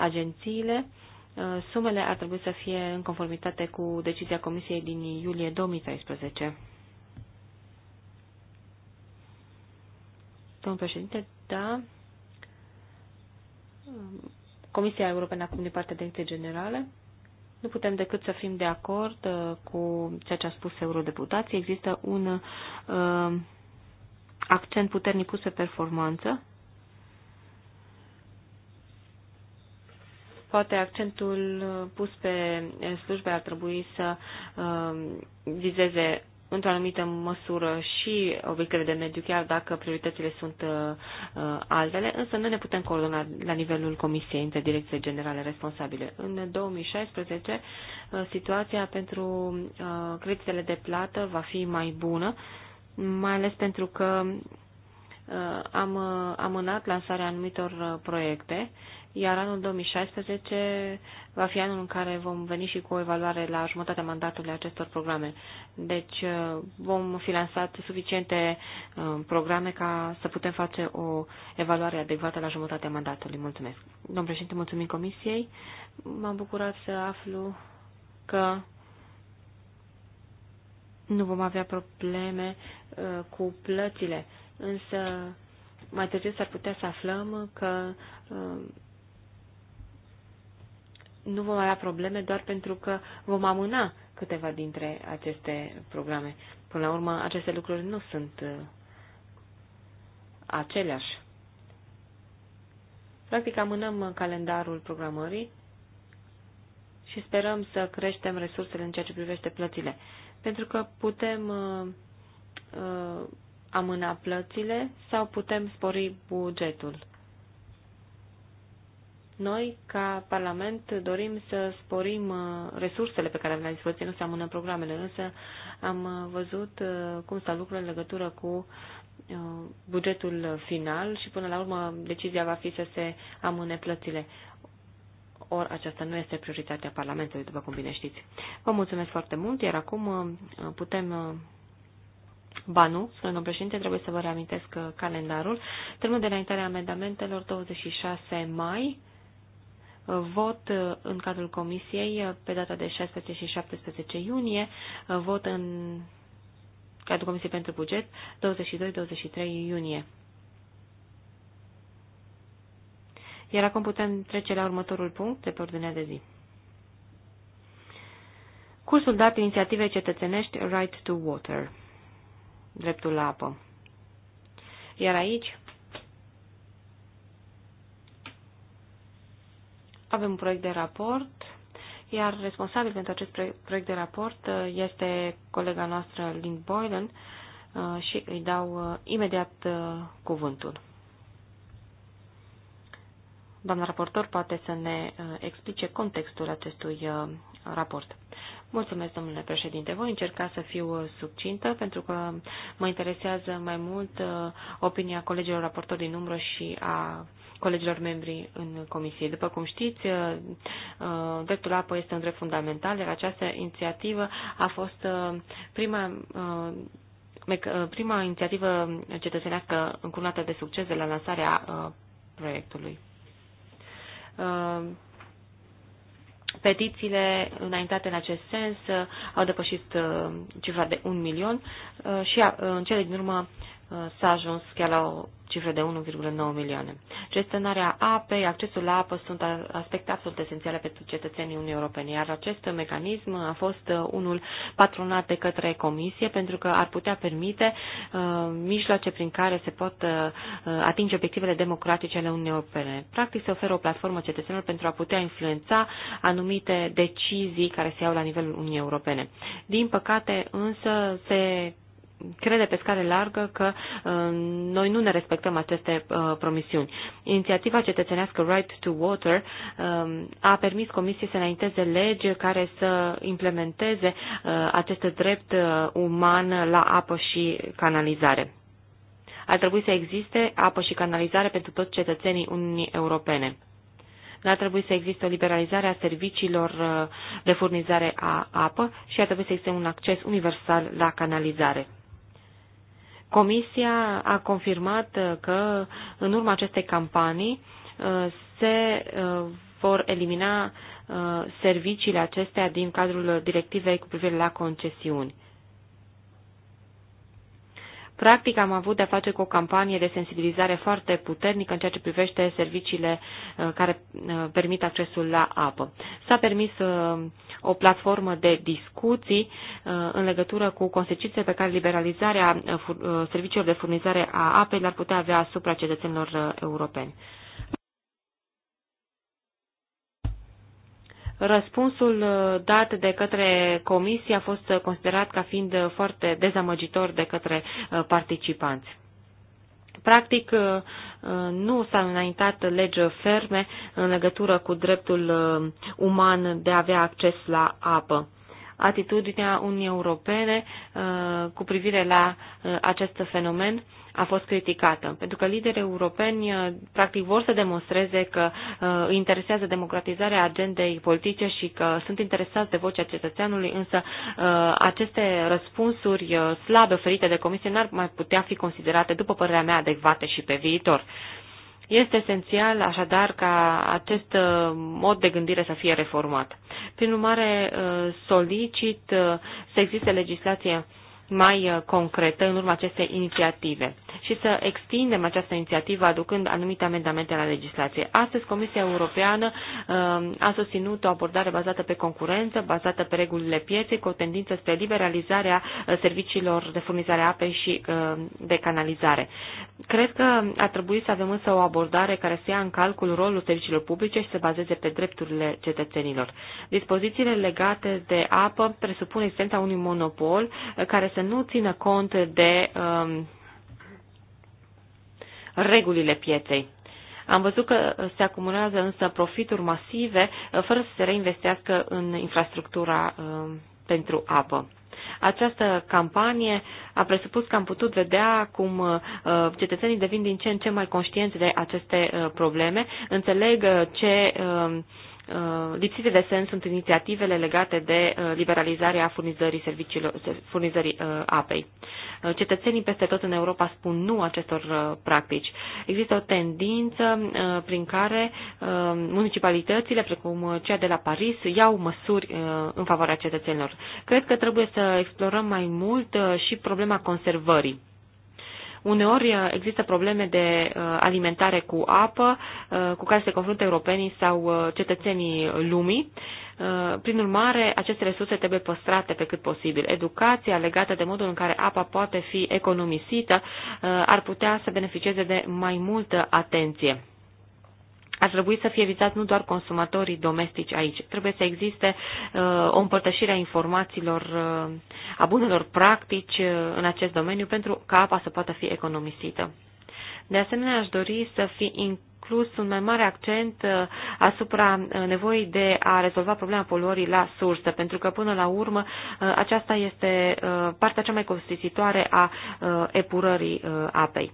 agențiile, uh, sumele ar trebui să fie în conformitate cu decizia Comisiei din iulie 2013. Domnul președinte, da. Comisia Europeană acum din partea Direcției Generale. Nu putem decât să fim de acord uh, cu ceea ce a spus eurodeputații. Există un uh, accent puternic pus pe performanță Poate accentul uh, pus pe eh, slujbe ar trebui să um, vizeze într-o anumită măsură și obiectele de mediu, chiar dacă prioritățile sunt uh, uh, altele, însă nu ne putem coordona la nivelul Comisiei între direcțiile generale responsabile. În 2016, uh, situația pentru uh, creditele de plată va fi mai bună, mai ales pentru că uh, am uh, amânat lansarea anumitor uh, proiecte iar anul 2016 va fi anul în care vom veni și cu o evaluare la jumătatea mandatului acestor programe. Deci uh, vom fi lansat suficiente uh, programe ca să putem face o evaluare adecvată la jumătatea mandatului. Mulțumesc. Domnul președinte, mulțumim comisiei. M-am bucurat să aflu că nu vom avea probleme uh, cu plățile, însă mai târziu s-ar putea să aflăm că nu vom avea probleme doar pentru că vom amâna câteva dintre aceste programe. Până la urmă, aceste lucruri nu sunt uh, aceleași. Practic, amânăm calendarul programării și sperăm să creștem resursele în ceea ce privește plățile. Pentru că putem uh, uh, amâna plățile sau putem spori bugetul. Noi, ca Parlament, dorim să sporim uh, resursele pe care avem la dispoziție, nu amână programele, însă am uh, văzut uh, cum stau lucrurile în legătură cu bugetul final și până la urmă decizia va fi să se amâne plățile. Ori aceasta nu este prioritatea Parlamentului, după cum bine știți. Vă mulțumesc foarte mult, iar acum putem Ba nu, domnul președinte, trebuie să vă reamintesc calendarul. Termenul de înaintare a amendamentelor 26 mai vot în cadrul comisiei pe data de 16 și 17 iunie, vot în cadrul comisiei pentru buget 22-23 iunie. Iar acum putem trece la următorul punct de pe ordinea de zi. Cursul dat inițiativei cetățenești Right to Water, dreptul la apă. Iar aici Avem un proiect de raport, iar responsabil pentru acest proiect de raport uh, este colega noastră Lynn Boylan uh, și îi dau uh, imediat cuvântul. Doamna raportor poate să ne explice contextul acestui raport. Mulțumesc, domnule președinte. Voi încerca să fiu subcintă pentru că mă interesează mai mult opinia colegilor raportori din umbră și a colegilor membri în comisie. După cum știți, uh, uh, dreptul la apă este un drept fundamental, iar această inițiativă a fost uh, prima prima inițiativă cetățenească încunată de succes de la lansarea proiectului. Petițiile înaintate în acest sens au depășit cifra de un milion și în cele din urmă Uh, s-a ajuns chiar la o cifră de 1,9 milioane. Gestionarea apei, accesul la apă sunt aspecte absolut esențiale pentru cetățenii Uniunii Europene, iar acest mecanism a fost uh, unul patronat de către Comisie pentru că ar putea permite uh, mijloace prin care se pot uh, uh, atinge obiectivele democratice ale Uniunii Europene. Practic se oferă o platformă cetățenilor pentru a putea influența anumite decizii care se iau la nivelul Uniunii Europene. Din păcate, însă, se crede pe scară largă că uh, noi nu ne respectăm aceste uh, promisiuni. Inițiativa cetățenească Right to Water uh, a permis Comisiei să înainteze lege care să implementeze acest drept uman la apă și canalizare. Ar trebui să existe apă și canalizare pentru toți cetățenii Uniunii Europene ar trebui să existe o liberalizare a serviciilor de furnizare a apă și ar trebui să existe un acces universal la canalizare. Comisia a confirmat uh, că în urma acestei campanii uh, se uh, vor elimina serviciile acestea din cadrul directivei cu privire la concesiuni. Practic am avut de-a face cu o campanie de sensibilizare foarte puternică în ceea ce privește serviciile uh, care uh, permit accesul la apă. S-a permis uh, o platformă de discuții în legătură cu consecințele pe care liberalizarea serviciilor de furnizare a apei le-ar putea avea asupra cetățenilor europeni. Răspunsul uh, dat de către comisie a fost uh, considerat ca fiind uh, foarte dezamăgitor de către participanți. Practic, nu s a înaintat lege ferme în legătură cu dreptul uman de a avea acces la apă atitudinea unii Europene uh, cu privire la uh, acest fenomen a fost criticată, pentru că liderii europeni uh, practic vor să demonstreze că îi interesează democratizarea agendei politice și că sunt interesați de vocea cetățeanului, însă aceste răspunsuri slabe oferite de comisie n-ar mai putea fi considerate, după părerea mea, adecvate și pe viitor. Este esențial, așadar, ca acest uh, mod de gândire să fie reformat. Prin urmare, uh, solicit uh, să existe legislație mai uh, concretă în urma acestei inițiative și să extindem această inițiativă aducând anumite amendamente la legislație. Astăzi, Comisia Europeană uh, a susținut o abordare bazată pe concurență, bazată pe regulile pieței, cu o tendință spre liberalizarea uh, serviciilor de furnizare a apei și de canalizare. Cred că ar trebui să avem însă o abordare care să ia în calcul rolul serviciilor publice și să bazeze pe drepturile cetățenilor. Dispozițiile legate de apă presupun existența unui monopol care să nu țină cont de um, regulile pieței. Am văzut că se acumulează însă profituri masive uh, fără să se reinvestească în infrastructura um, pentru apă. Această campanie a presupus că am putut vedea cum uh, cetățenii devin din ce în ce mai conștienți de aceste uh, probleme, înțeleg ce um, Uh, lipsite de sens sunt inițiativele legate de uh, liberalizarea furnizării, serviciilor, furnizării uh, apei. Cetățenii peste tot în Europa spun nu acestor practici. Există o tendință prin care municipalitățile, precum cea de la Paris, iau măsuri în favoarea cetățenilor. Cred că trebuie să explorăm mai mult și problema conservării Uneori uh, există probleme de uh, alimentare cu apă uh, cu care se confruntă europenii sau cetățenii lumii. Prin urmare, aceste resurse trebuie păstrate pe cât posibil. Educația legată de modul în care apa poate fi economisită ar putea să beneficieze de mai multă atenție ar trebui să fie vizați nu doar consumatorii domestici aici. Trebuie să existe uh, o împărtășire a informațiilor, uh, a bunelor practici uh, în acest domeniu pentru ca apa să poată fi economisită. De asemenea, aș dori să fi inclus un mai mare accent uh, asupra uh, nevoii de a rezolva problema poluării la sursă, pentru că până la urmă uh, aceasta este partea cea mai costisitoare a epurării apei.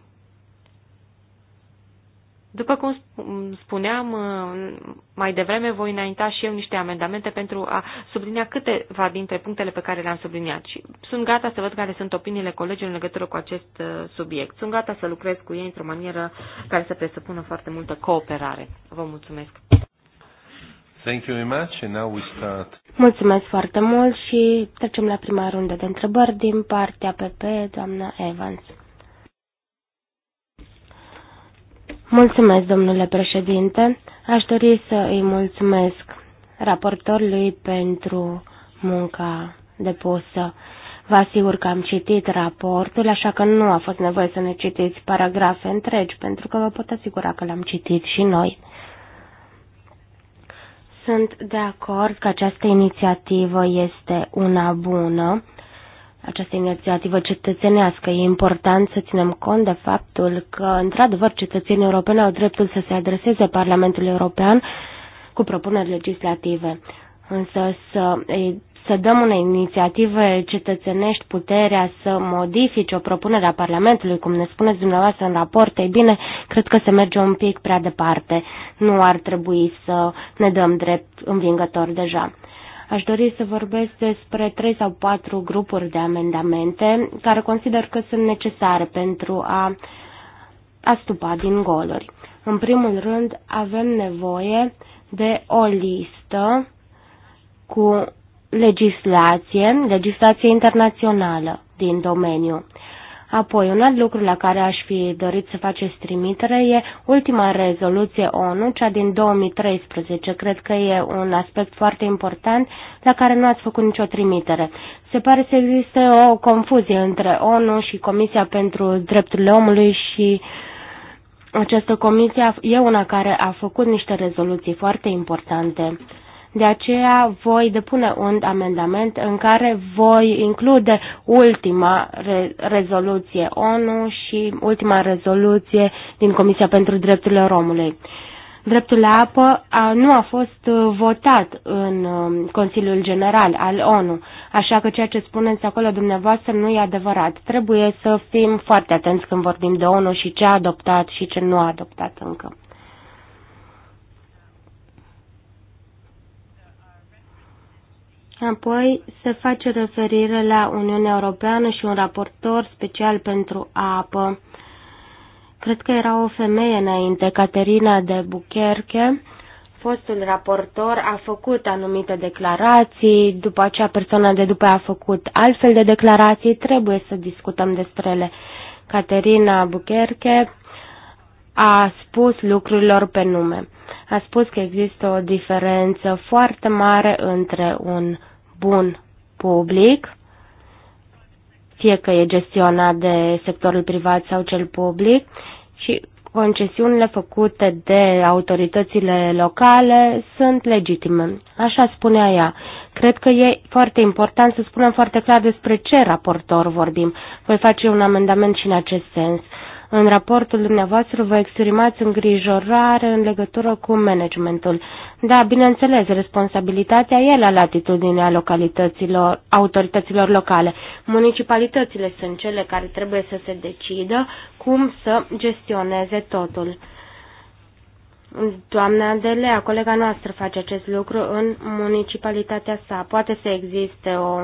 După cum spuneam uh, mai devreme, voi înainta și eu niște amendamente pentru a sublinia câteva dintre punctele pe care le-am subliniat și sunt gata să văd care sunt opiniile colegilor în legătură cu acest uh, subiect. Sunt gata să lucrez cu ei într-o manieră care să presupună foarte multă cooperare. Vă mulțumesc! Thank you very much and now we start. Mulțumesc foarte mult și trecem la prima rundă de întrebări din partea PP, doamna Evans. Mulțumesc, domnule președinte. Aș dori să îi mulțumesc raportorului pentru munca depusă. Vă asigur că am citit raportul, așa că nu a fost nevoie să ne citiți paragrafe întregi, pentru că vă pot asigura că l-am citit și noi. Sunt de acord că această inițiativă este una bună această inițiativă cetățenească. E important să ținem cont de faptul că, într-adevăr, cetățenii europeni au dreptul să se adreseze Parlamentului European cu propuneri legislative. Însă să, să dăm unei inițiative cetățenești puterea să modifice o propunere a Parlamentului, cum ne spuneți dumneavoastră în raport, e bine, cred că se merge un pic prea departe. Nu ar trebui să ne dăm drept învingător deja. Aș dori să vorbesc despre trei sau patru grupuri de amendamente care consider că sunt necesare pentru a, astupa din goluri. În primul rând, avem nevoie de o listă cu legislație, legislație internațională din domeniu. Apoi, un alt lucru la care aș fi dorit să faceți trimitere e ultima rezoluție ONU, cea din 2013. Cred că e un aspect foarte important la care nu ați făcut nicio trimitere. Se pare să existe o confuzie între ONU și Comisia pentru Drepturile Omului și această comisie e una care a făcut niște rezoluții foarte importante. De aceea voi depune un amendament în care voi include ultima re- rezoluție ONU și ultima rezoluție din Comisia pentru Drepturile Romului. Dreptul la apă a, nu a fost uh, votat în um, Consiliul General al ONU, așa că ceea ce spuneți acolo dumneavoastră nu e adevărat. Trebuie să fim foarte atenți când vorbim de ONU și ce a adoptat și ce nu a adoptat încă. Apoi se face referire la Uniunea Europeană și un raportor special pentru apă. Cred că era o femeie înainte, Caterina de Bucherche. Fostul raportor a făcut anumite declarații, după aceea persoana de după a făcut altfel de declarații, trebuie să discutăm despre ele. Caterina Bucherche a spus lucrurilor pe nume. A spus că există o diferență foarte mare între un bun public, fie că e gestionat de sectorul privat sau cel public, și concesiunile făcute de autoritățile locale sunt legitime. Așa spunea ea. Cred că e foarte important să spunem foarte clar despre ce raportor vorbim. Voi face un amendament și în acest sens. În raportul dumneavoastră vă exprimați îngrijorare în legătură cu managementul. Da, bineînțeles, responsabilitatea e la latitudinea localităților, autorităților locale. Municipalitățile sunt cele care trebuie să se decidă cum să gestioneze totul. Doamna delea, colega noastră, face acest lucru în municipalitatea sa. Poate să existe o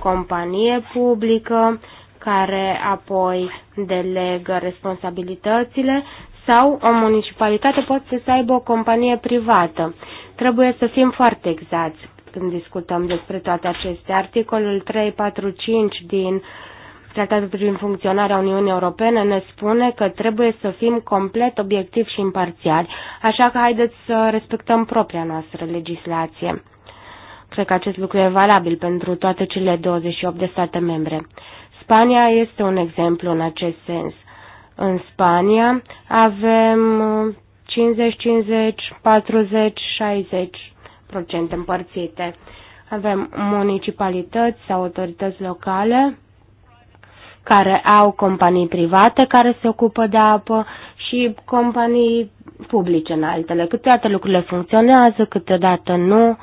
companie publică care apoi delegă responsabilitățile sau o municipalitate poate să aibă o companie privată. Trebuie să fim foarte exacti când discutăm despre toate acestea. Articolul 345 din Tratatul privind funcționarea Uniunii Europene ne spune că trebuie să fim complet obiectivi și imparțiali, așa că haideți să respectăm propria noastră legislație. Cred că acest lucru e valabil pentru toate cele 28 de state membre. Spania este un exemplu în acest sens. În Spania avem 50, 50, 40, 60 procente împărțite. Avem municipalități sau autorități locale care au companii private care se ocupă de apă și companii publice în altele. Câteodată lucrurile funcționează, câteodată nu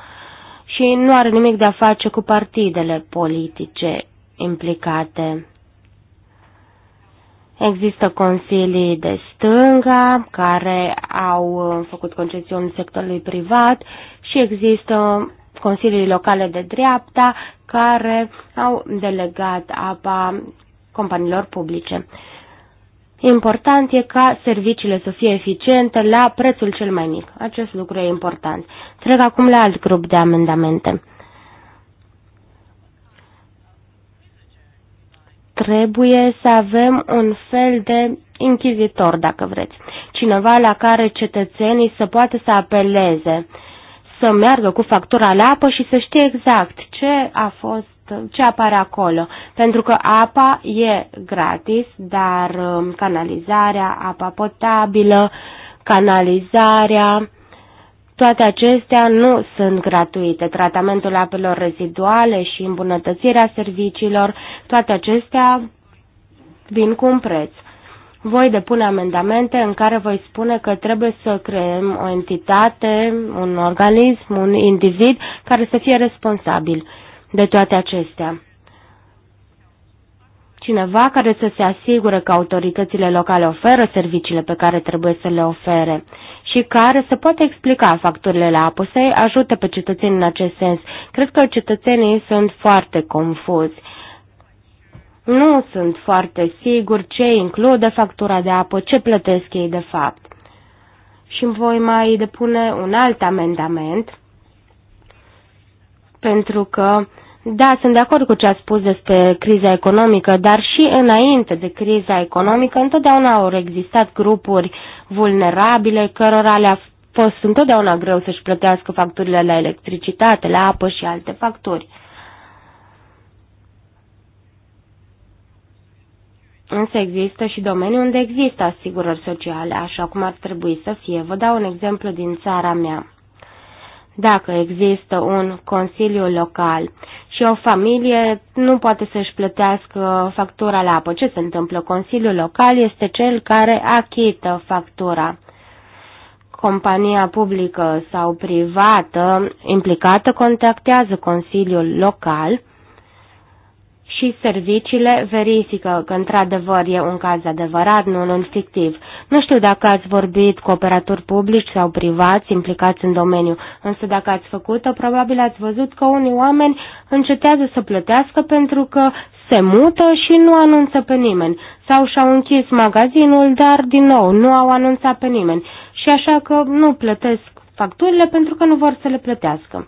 și nu are nimic de a face cu partidele politice implicate. Există consilii de stânga care au uh, făcut concesiuni sectorului privat și există consilii locale de dreapta care au delegat apa companiilor publice. Important e ca serviciile să fie eficiente la prețul cel mai mic. Acest lucru e important. Trec acum la alt grup de amendamente. trebuie să avem un fel de închizitor, dacă vreți, cineva la care cetățenii să poată să apeleze, să meargă cu factura la apă și să știe exact ce a fost ce apare acolo, pentru că apa e gratis, dar um, canalizarea, apa potabilă, canalizarea, toate acestea nu sunt gratuite. Tratamentul apelor reziduale și îmbunătățirea serviciilor, toate acestea vin cu un preț. Voi depune amendamente în care voi spune că trebuie să creăm o entitate, un organism, un individ care să fie responsabil de toate acestea. Cineva care să se asigure că autoritățile locale oferă serviciile pe care trebuie să le ofere și care să poată explica facturile la apă, să ajute pe cetățeni în acest sens. Cred că cetățenii sunt foarte confuzi. Nu sunt foarte sigur ce include factura de apă, ce plătesc ei de fapt. Și voi mai depune un alt amendament, pentru că da, sunt de acord cu ce ați spus despre criza economică, dar și înainte de criza economică întotdeauna au existat grupuri vulnerabile cărora le-a fost întotdeauna greu să-și plătească facturile la electricitate, la apă și alte facturi. Însă există și domenii unde există asigurări sociale, așa cum ar trebui să fie. Vă dau un exemplu din țara mea dacă există un consiliu local și o familie nu poate să-și plătească factura la apă. Ce se întâmplă? Consiliul local este cel care achită factura. Compania publică sau privată implicată contactează Consiliul local și serviciile verifică că într-adevăr e un caz adevărat, nu unul fictiv. Nu știu dacă ați vorbit cu operatori publici sau privați implicați în domeniu, însă dacă ați făcut-o, probabil ați văzut că unii oameni încetează să plătească pentru că se mută și nu anunță pe nimeni. Sau și-au închis magazinul, dar din nou nu au anunțat pe nimeni. Și așa că nu plătesc facturile pentru că nu vor să le plătească.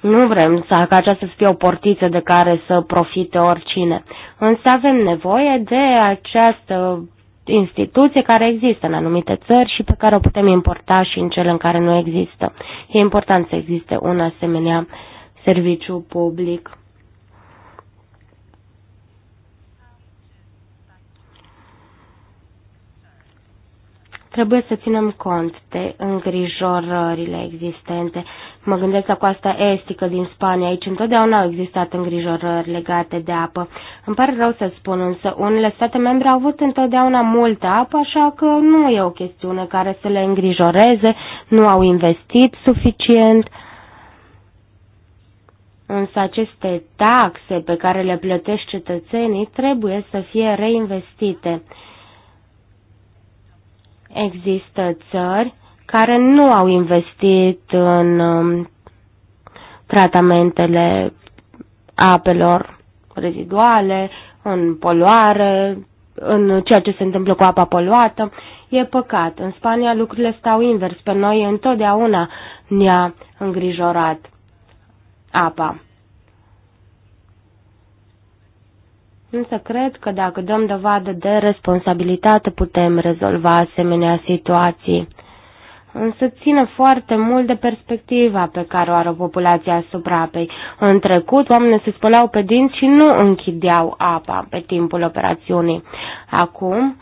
Nu vrem să, ca aceasta să fie o portiță de care să profite oricine, însă avem nevoie de această instituție care există în anumite țări și pe care o putem importa și în cele în care nu există. E important să existe un asemenea serviciu public. Trebuie să ținem cont de îngrijorările existente. Mă gândesc la coasta estică din Spania. Aici întotdeauna au existat îngrijorări legate de apă. Îmi pare rău să spun, însă unele state membre au avut întotdeauna multă apă, așa că nu e o chestiune care să le îngrijoreze, nu au investit suficient. Însă aceste taxe pe care le plătesc cetățenii trebuie să fie reinvestite. Există țări care nu au investit în um, tratamentele apelor reziduale, în poluare, în ceea ce se întâmplă cu apa poluată. E păcat. În Spania lucrurile stau invers. Pe noi întotdeauna ne-a îngrijorat apa. Însă cred că dacă dăm dovadă de responsabilitate putem rezolva asemenea situații însă ține foarte mult de perspectiva pe care o are populația asupra apei. În trecut, oamenii se spălau pe dinți și nu închideau apa pe timpul operațiunii. Acum,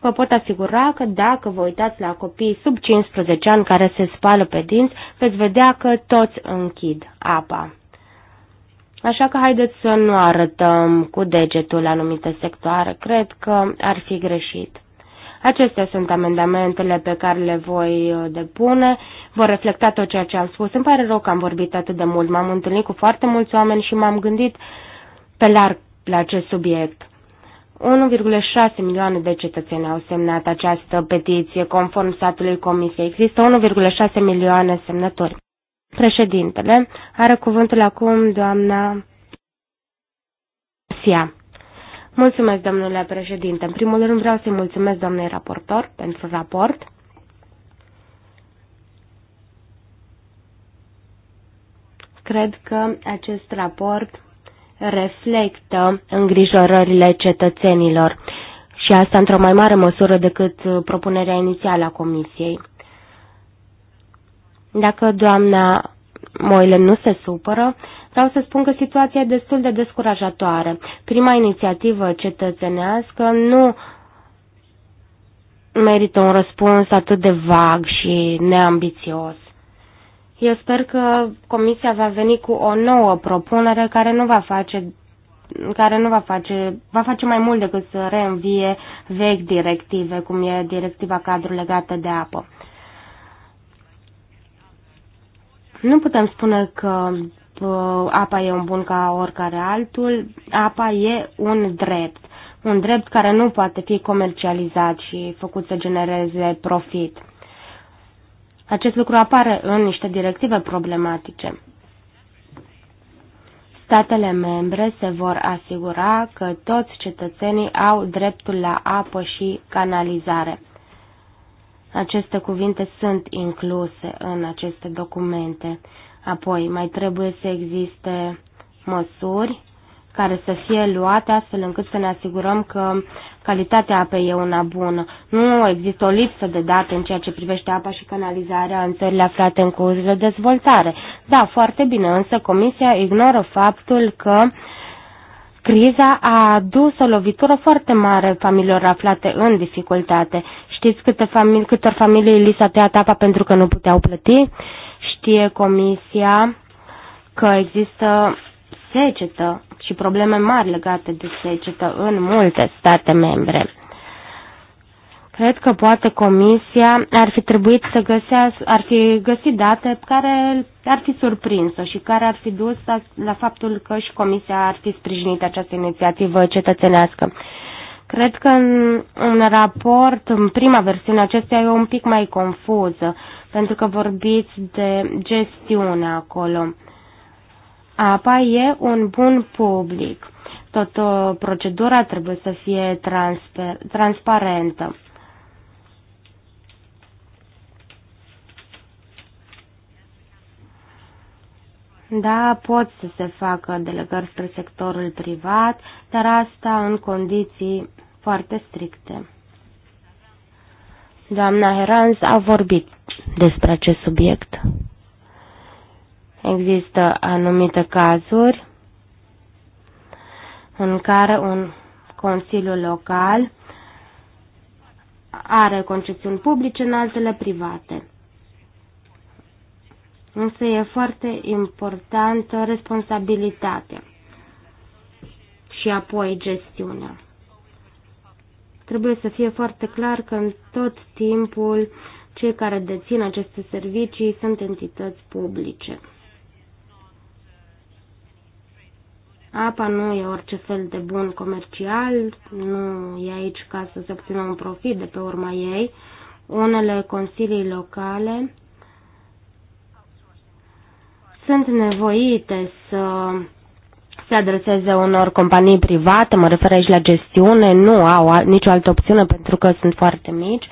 vă pot asigura că dacă vă uitați la copiii sub 15 ani care se spală pe dinți, veți vedea că toți închid apa. Așa că haideți să nu arătăm cu degetul anumite sectoare. Cred că ar fi greșit. Acestea sunt amendamentele pe care le voi uh, depune. Vor reflecta tot ceea ce am spus. Îmi pare rău că am vorbit atât de mult. M-am întâlnit cu foarte mulți oameni și m-am gândit pe larg la acest subiect. 1,6 milioane de cetățeni au semnat această petiție conform statului Comisiei. Există 1,6 milioane semnători. Președintele are cuvântul acum doamna Sia. Mulțumesc, domnule președinte. În primul rând vreau să-i mulțumesc doamnei raportor pentru raport. Cred că acest raport reflectă îngrijorările cetățenilor și asta într-o mai mare măsură decât propunerea inițială a Comisiei. Dacă doamna Moile nu se supără, uh, Vreau să spun că situația e destul de descurajatoare. Prima inițiativă cetățenească nu merită un răspuns atât de vag și neambițios. Eu sper că Comisia va veni cu o nouă propunere care nu va face care nu va face, va face mai mult decât să reînvie vechi directive, cum e directiva cadru legată de apă. Nu putem spune că Uh, apa e un bun ca oricare altul, apa e un drept. Un drept care nu poate fi comercializat și făcut să genereze profit. Acest lucru apare în niște directive problematice. Statele membre se vor asigura că toți cetățenii au dreptul la apă și canalizare. Aceste cuvinte sunt incluse în aceste documente. Apoi, mai trebuie să existe măsuri care să fie luate astfel încât să ne asigurăm că calitatea apei e una bună. Nu există o lipsă de date în ceea ce privește apa și canalizarea în țările aflate în curs de dezvoltare. Da, foarte bine, însă Comisia ignoră faptul că criza a adus o lovitură foarte mare familiilor aflate în dificultate. Știți câte famili, câtor familii li s-a tăiat apa pentru că nu puteau plăti? Știe Comisia că există secetă și probleme mari legate de secetă în multe state membre. Cred că poate Comisia ar fi trebuit să găsească, ar fi găsit date care ar fi surprinsă și care ar fi dus la faptul că și Comisia ar fi sprijinit această inițiativă cetățenească. Cred că în, în raport, în prima versiune acestea e un pic mai confuză, pentru că vorbiți de gestiune acolo. Apa e un bun public. Tot uh, procedura trebuie să fie transfer, transparentă. Da, pot să se facă delegări spre sectorul privat, dar asta în condiții foarte stricte. Doamna Heranz a vorbit despre acest subiect. Există anumite cazuri în care un consiliu local are concesiuni publice, în altele private. Însă e foarte importantă responsabilitatea și apoi gestiunea. Trebuie să fie foarte clar că în tot timpul cei care dețin aceste servicii sunt entități publice. Apa nu e orice fel de bun comercial, nu e aici ca să se obțină un profit de pe urma ei. Unele consilii locale sunt nevoite să se adreseze unor companii private, mă refer aici la gestiune, nu au nicio altă opțiune pentru că sunt foarte mici.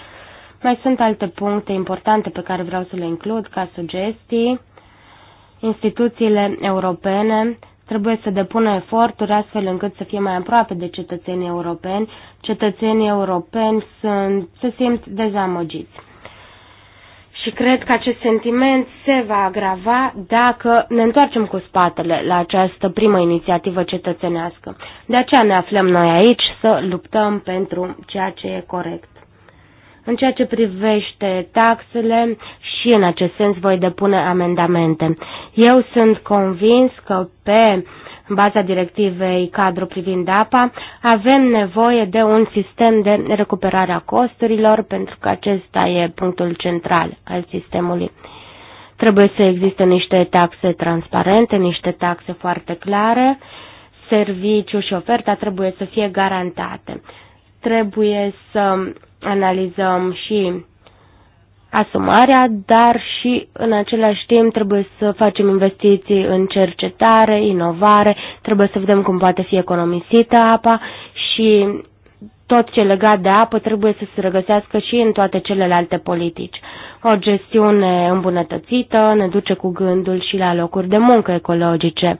Mai sunt alte puncte importante pe care vreau să le includ ca sugestii. Instituțiile europene trebuie să depună eforturi astfel încât să fie mai aproape de cetățenii europeni. Cetățenii europeni sunt, se simt dezamăgiți și cred că acest sentiment se va agrava dacă ne întoarcem cu spatele la această primă inițiativă cetățenească. De aceea ne aflăm noi aici să luptăm pentru ceea ce e corect. În ceea ce privește taxele și în acest sens voi depune amendamente. Eu sunt convins că pe în baza directivei cadru privind apa, avem nevoie de un sistem de recuperare a costurilor, pentru că acesta e punctul central al sistemului. Trebuie să existe niște taxe transparente, niște taxe foarte clare, serviciu și oferta trebuie să fie garantate. Trebuie să analizăm și asumarea, dar și în același timp trebuie să facem investiții în cercetare, inovare, trebuie să vedem cum poate fi economisită apa și tot ce legat de apă trebuie să se regăsească și în toate celelalte politici. O gestiune îmbunătățită ne duce cu gândul și la locuri de muncă ecologice.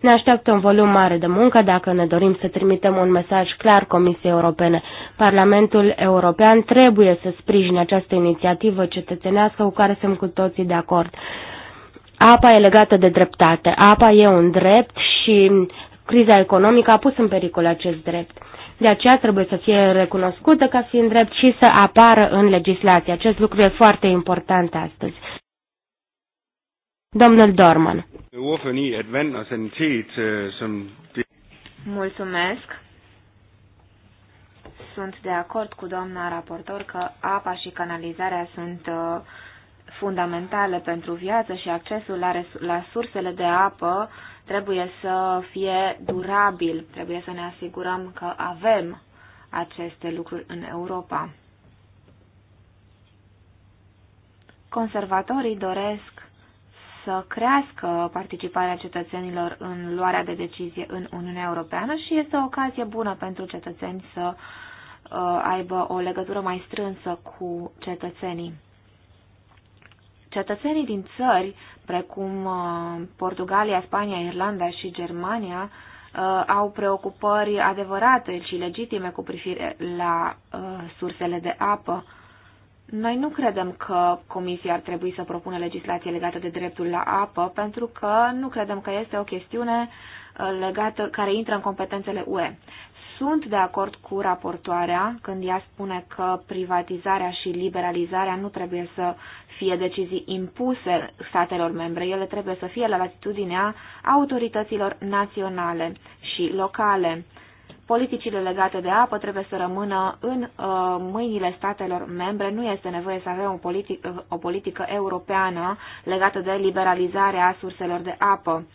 Ne așteaptă un volum mare de muncă dacă ne dorim să trimitem un mesaj clar Comisiei Europene. Parlamentul European trebuie să sprijine această inițiativă cetățenească cu care suntem cu toții de acord. Apa e legată de dreptate. Apa e un drept și criza economică a pus în pericol acest drept. De aceea trebuie să fie recunoscută ca fiind drept și să apară în legislație. Acest lucru e foarte important astăzi. Domnul Dorman. Øh, Mulțumesc. Sunt de acord cu doamna raportor că apa și canalizarea sunt uh, fundamentale pentru viață și accesul la, la sursele de apă trebuie să fie durabil. Trebuie să ne asigurăm că avem aceste lucruri în Europa. Conservatorii doresc să crească participarea cetățenilor în luarea de decizie în Uniunea Europeană și este o ocazie bună pentru cetățeni să uh, aibă o legătură mai strânsă cu cetățenii. Cetățenii din țări precum uh, Portugalia, Spania, Irlanda și Germania uh, au preocupări adevărate și legitime cu privire la sursele de apă noi nu credem că Comisia ar trebui să propună legislație legată de dreptul la apă, pentru că nu credem că este o chestiune uh, legată, care intră în competențele UE. Sunt de acord cu raportoarea când ea spune că privatizarea și liberalizarea nu trebuie să fie decizii impuse statelor membre, ele trebuie să fie la latitudinea autorităților naționale și locale. Politicile legate de apă trebuie să rămână în uh, mâinile statelor membre. Nu este nevoie să avem o, politic, uh, o politică europeană legată de liberalizarea surselor de apă.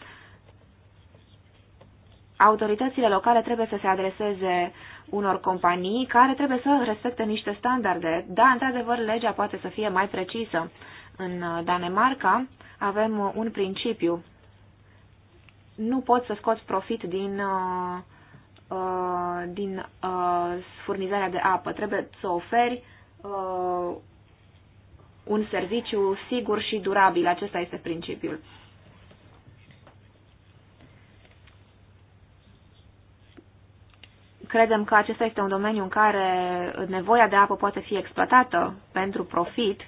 Autoritățile locale trebuie să se adreseze unor companii care trebuie să respecte niște standarde. Da, într-adevăr, legea poate să fie mai precisă. În uh, Danemarca avem un principiu. Nu poți să scoți profit din uh, uh, din uh, furnizarea de apă. Trebuie să oferi uh, un serviciu sigur și durabil. Acesta este principiul. Credem că acesta este un domeniu în care nevoia de apă poate fi exploatată pentru profit uh,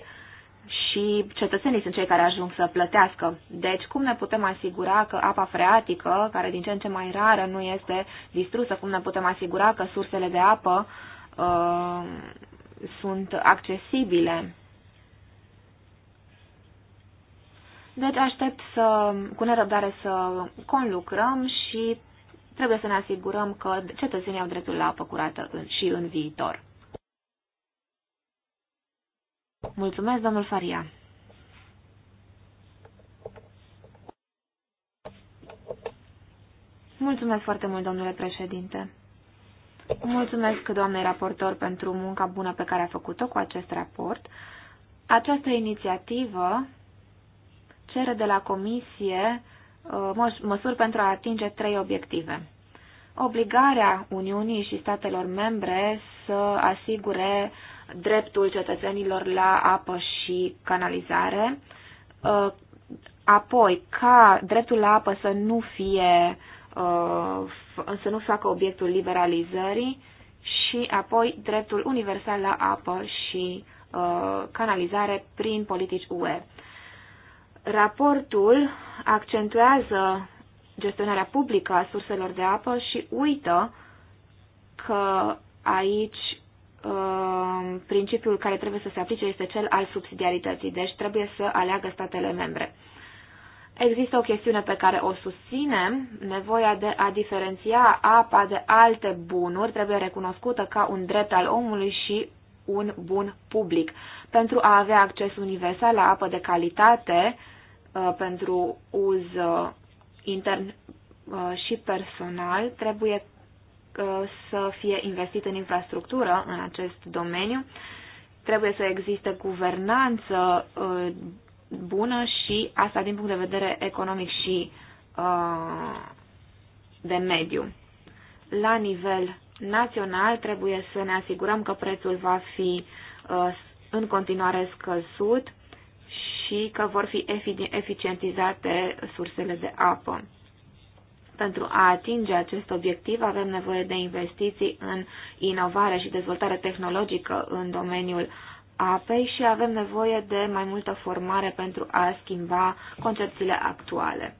și cetățenii sunt cei care ajung să plătească. Deci, cum ne putem asigura că apa freatică, care din ce în ce mai rară nu este distrusă, cum ne putem asigura că sursele de apă uh, sunt accesibile? Deci aștept să, cu nerăbdare să conlucrăm și trebuie să ne asigurăm că cetățenii au dreptul la apă curată în, și în viitor. Mulțumesc, domnul Faria. Mulțumesc foarte mult, domnule președinte. Mulțumesc, doamnei raportor, pentru munca bună pe care a făcut-o cu acest raport. Această inițiativă cere de la Comisie uh, măsuri pentru a atinge trei obiective. Obligarea Uniunii și statelor membre să asigure uh, dreptul cetățenilor la apă și canalizare, uh, apoi ca dreptul la apă să nu fie uh, să nu facă obiectul liberalizării și apoi dreptul universal la apă și uh, canalizare prin politici UE. Raportul accentuează gestionarea publică a surselor de apă și uită că aici Um, principiul care trebuie să se aplice este cel al subsidiarității, deci trebuie să aleagă statele membre. Există o chestiune pe care o susținem, nevoia de a diferenția apa de alte bunuri trebuie recunoscută ca un drept al omului și un bun public. Pentru a avea acces universal la apă de calitate uh, pentru uz uh, intern uh, și personal, trebuie Uh, să fie investit în infrastructură în acest domeniu. Trebuie să existe guvernanță uh, bună și asta din punct de vedere economic și uh, de mediu. La nivel național trebuie să ne asigurăm că prețul va fi în continuare scăzut și că vor fi eficientizate sursele de apă. Pentru a atinge acest obiectiv avem nevoie de investiții în inovare și dezvoltare tehnologică în domeniul apei și avem nevoie de mai multă formare pentru a schimba concepțiile actuale.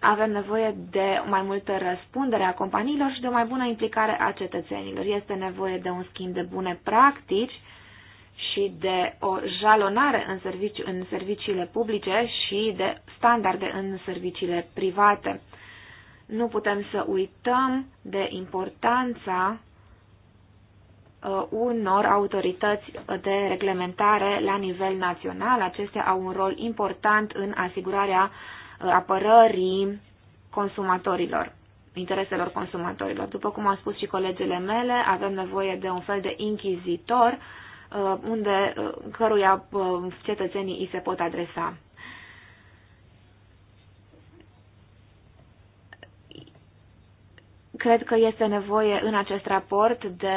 Avem nevoie de mai multă răspundere a companiilor și de o mai bună implicare a cetățenilor. Este nevoie de un schimb de bune practici și de o jalonare în, servici, în serviciile publice și de standarde în serviciile private. Nu putem să uităm de importanța uh, unor autorități de reglementare la nivel național. Acestea au un rol important în asigurarea uh, apărării consumatorilor, intereselor consumatorilor. După cum au spus și colegele mele, avem nevoie de un fel de inchizitor uh, Uh, unde, uh, căruia uh, cetățenii îi se pot adresa. Cred că este nevoie în acest raport de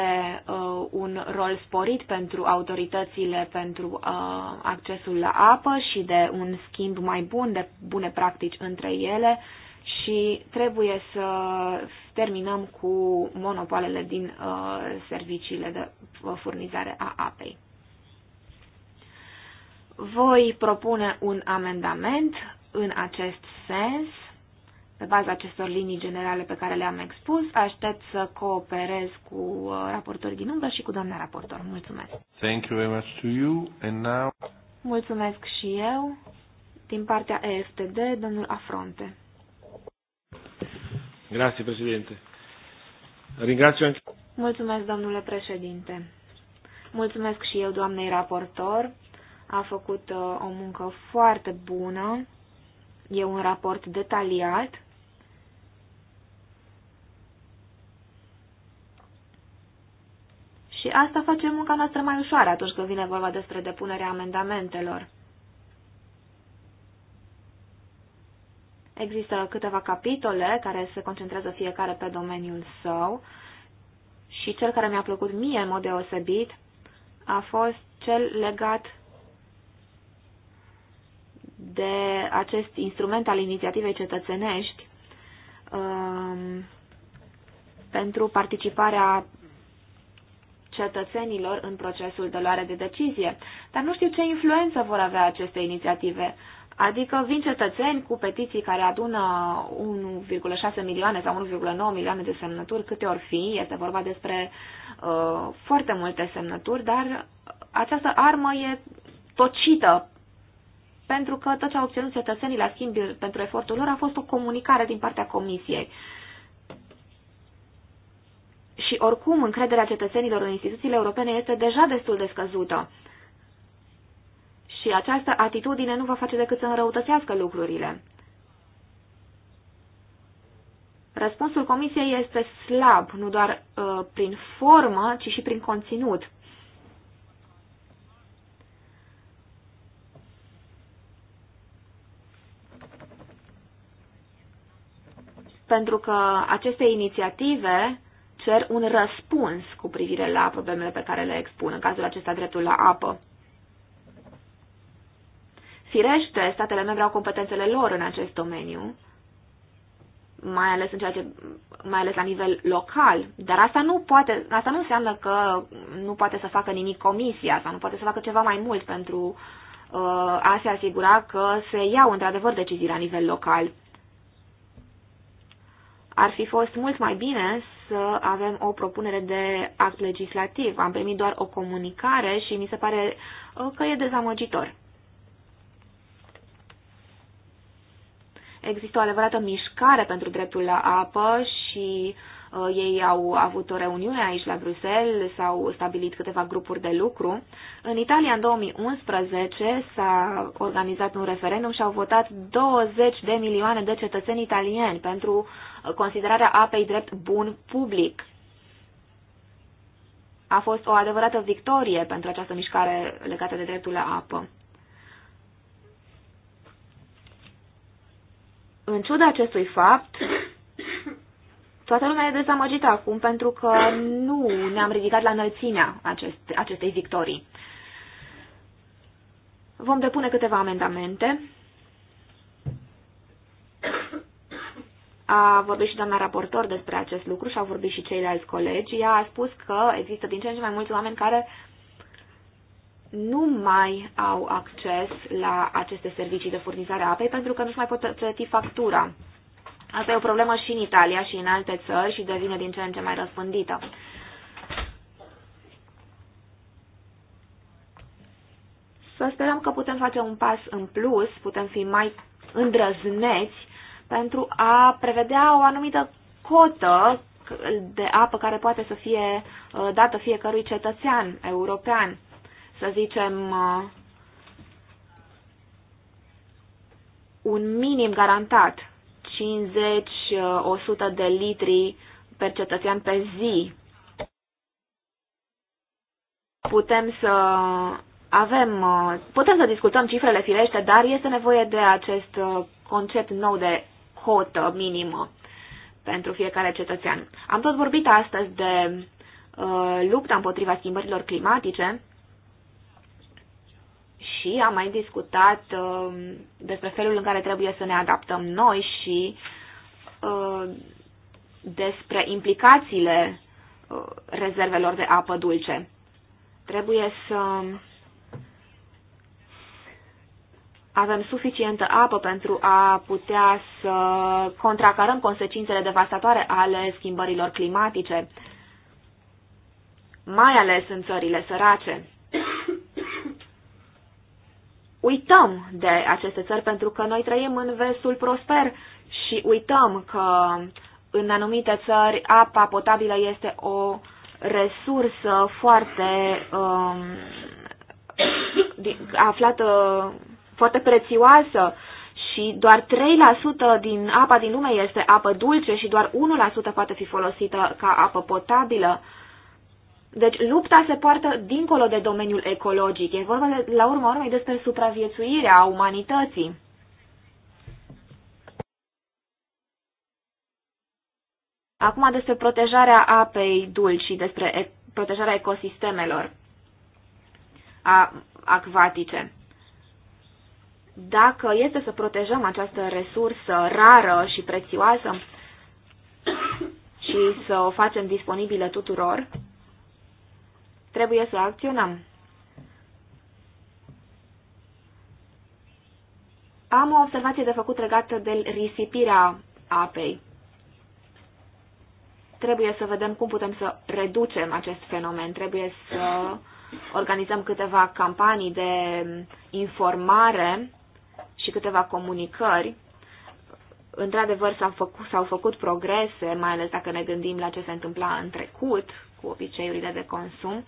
uh, un rol sporit pentru autoritățile pentru uh, accesul la apă și de un schimb mai bun de bune practici între ele uh, și trebuie să terminăm cu monopolele din uh, serviciile de uh, furnizare a apei. Voi propune un amendament în acest sens, pe baza acestor linii generale pe care le-am expus. Aștept să cooperez cu uh, raportorii din umbră și cu doamna raportor. Mulțumesc! Thank you very much to you. And now... Mulțumesc și eu. Din partea EFTD, domnul Afronte. Grazie, Presidente. Ringrazio anche... Mulțumesc, domnule președinte. Mulțumesc și eu, doamnei raportor. A făcut uh, o muncă foarte bună. E un raport detaliat. Și asta face munca noastră mai ușoară atunci când vine vorba despre depunerea amendamentelor. Există câteva capitole care se concentrează fiecare pe domeniul său și cel care mi-a plăcut mie în mod deosebit a fost cel legat de acest instrument al inițiativei cetățenești um, pentru participarea cetățenilor în procesul de luare de decizie. Dar nu știu ce influență vor avea aceste inițiative Adică vin cetățeni cu petiții care adună 1,6 milioane sau 1,9 milioane de semnături, câte ori fi, este vorba despre uh, foarte multe semnături, dar această armă e tocită pentru că tot ce au obținut cetățenii la schimb pentru efortul lor a fost o comunicare din partea Comisiei. Și oricum, încrederea cetățenilor în instituțiile europene este deja destul de scăzută. Și această atitudine nu va face decât să înrăutățească lucrurile. Răspunsul comisiei este slab, nu doar uh, prin formă, ci și prin conținut. Pentru că aceste inițiative cer un răspuns cu privire la problemele pe care le expun, în cazul acesta dreptul la apă. Firește, statele membre au competențele lor în acest domeniu, mai ales, în ceea ce, mai ales la nivel local, dar asta nu, poate, asta nu înseamnă că nu poate să facă nimic comisia sau nu poate să facă ceva mai mult pentru uh, a se asigura că se iau într-adevăr decizii la nivel local. Ar fi fost mult mai bine să avem o propunere de act legislativ. Am primit doar o comunicare și mi se pare uh, că e dezamăgitor. Există o adevărată mișcare pentru dreptul la apă și uh, ei au avut o reuniune aici la Bruxelles, s-au stabilit câteva grupuri de lucru. În Italia, în 2011, s-a organizat un referendum și au votat 20 de milioane de cetățeni italieni pentru uh, considerarea apei drept bun public. A fost o adevărată victorie pentru această mișcare legată de dreptul la apă. În ciuda acestui fapt, toată lumea e dezamăgită acum pentru că nu ne-am ridicat la înălțimea acest, acestei victorii. Vom depune câteva amendamente. A vorbit și doamna raportor despre acest lucru și au vorbit și ceilalți colegi. Ea a spus că există din ce în ce mai mulți oameni care nu mai au acces la aceste servicii de furnizare a apei pentru că nu-și mai pot plăti factura. Asta e o problemă și în Italia și în alte țări și devine din ce în ce mai răspândită. Să sperăm că putem face un pas în plus, putem fi mai îndrăzneți pentru a prevedea o anumită cotă de apă care poate să fie uh, dată fiecărui cetățean european să zicem, uh, un minim garantat, 50-100 uh, de litri per cetățean pe zi. Putem să avem, uh, putem să discutăm cifrele firește, dar este nevoie de acest concept nou de cotă minimă pentru fiecare cetățean. Am tot vorbit astăzi de uh, lupta împotriva schimbărilor climatice și am mai discutat um, despre felul în care trebuie să ne adaptăm noi și uh, despre implicațiile uh, rezervelor de apă dulce. Trebuie să avem suficientă apă pentru a putea să contracarăm consecințele devastatoare ale schimbărilor climatice, mai ales în țările sărace uităm de aceste țări pentru că noi trăim în vestul prosper și uităm că în anumite țări apa potabilă este o resursă foarte um, aflată foarte prețioasă și doar 3% din apa din lume este apă dulce și doar 1% poate fi folosită ca apă potabilă. Deci lupta se poartă dincolo de domeniul ecologic. E vorba de, la urma urmei despre supraviețuirea umanității. Acum despre protejarea apei dulci și despre protejarea ecosistemelor a, acvatice. Dacă este să protejăm această resursă rară și prețioasă și să o facem disponibilă tuturor, Trebuie să acționăm. Am o observație de făcut legată de risipirea apei. Trebuie să vedem cum putem să reducem acest fenomen. Trebuie să organizăm câteva campanii de informare și câteva comunicări. Într-adevăr, s-au făcut, făcut progrese, mai ales dacă ne gândim la ce se întâmpla în trecut, cu obiceiurile de consum.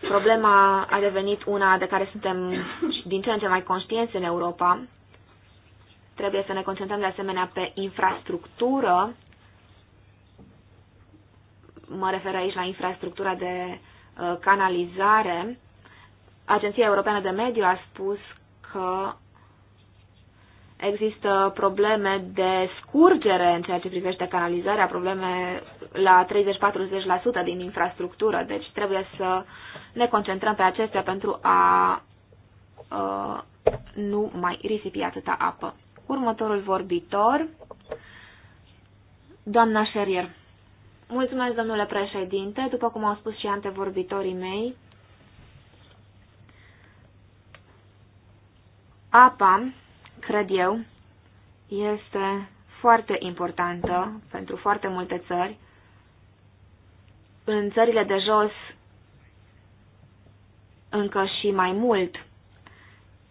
Problema a devenit una de care suntem din ce în ce mai conștienți în Europa. Trebuie să ne concentrăm de asemenea pe infrastructură. Mă refer aici la infrastructura de uh, canalizare. Agenția Europeană de Mediu a spus că Există probleme de scurgere în ceea ce privește canalizarea, probleme la 30-40% din infrastructură, deci trebuie să ne concentrăm pe acestea pentru a uh, nu mai risipi atâta apă. Următorul vorbitor, doamna Șerier. Mulțumesc, domnule președinte. După cum au spus și antevorbitorii mei, apa cred eu, este foarte importantă pentru foarte multe țări. În țările de jos, încă și mai mult,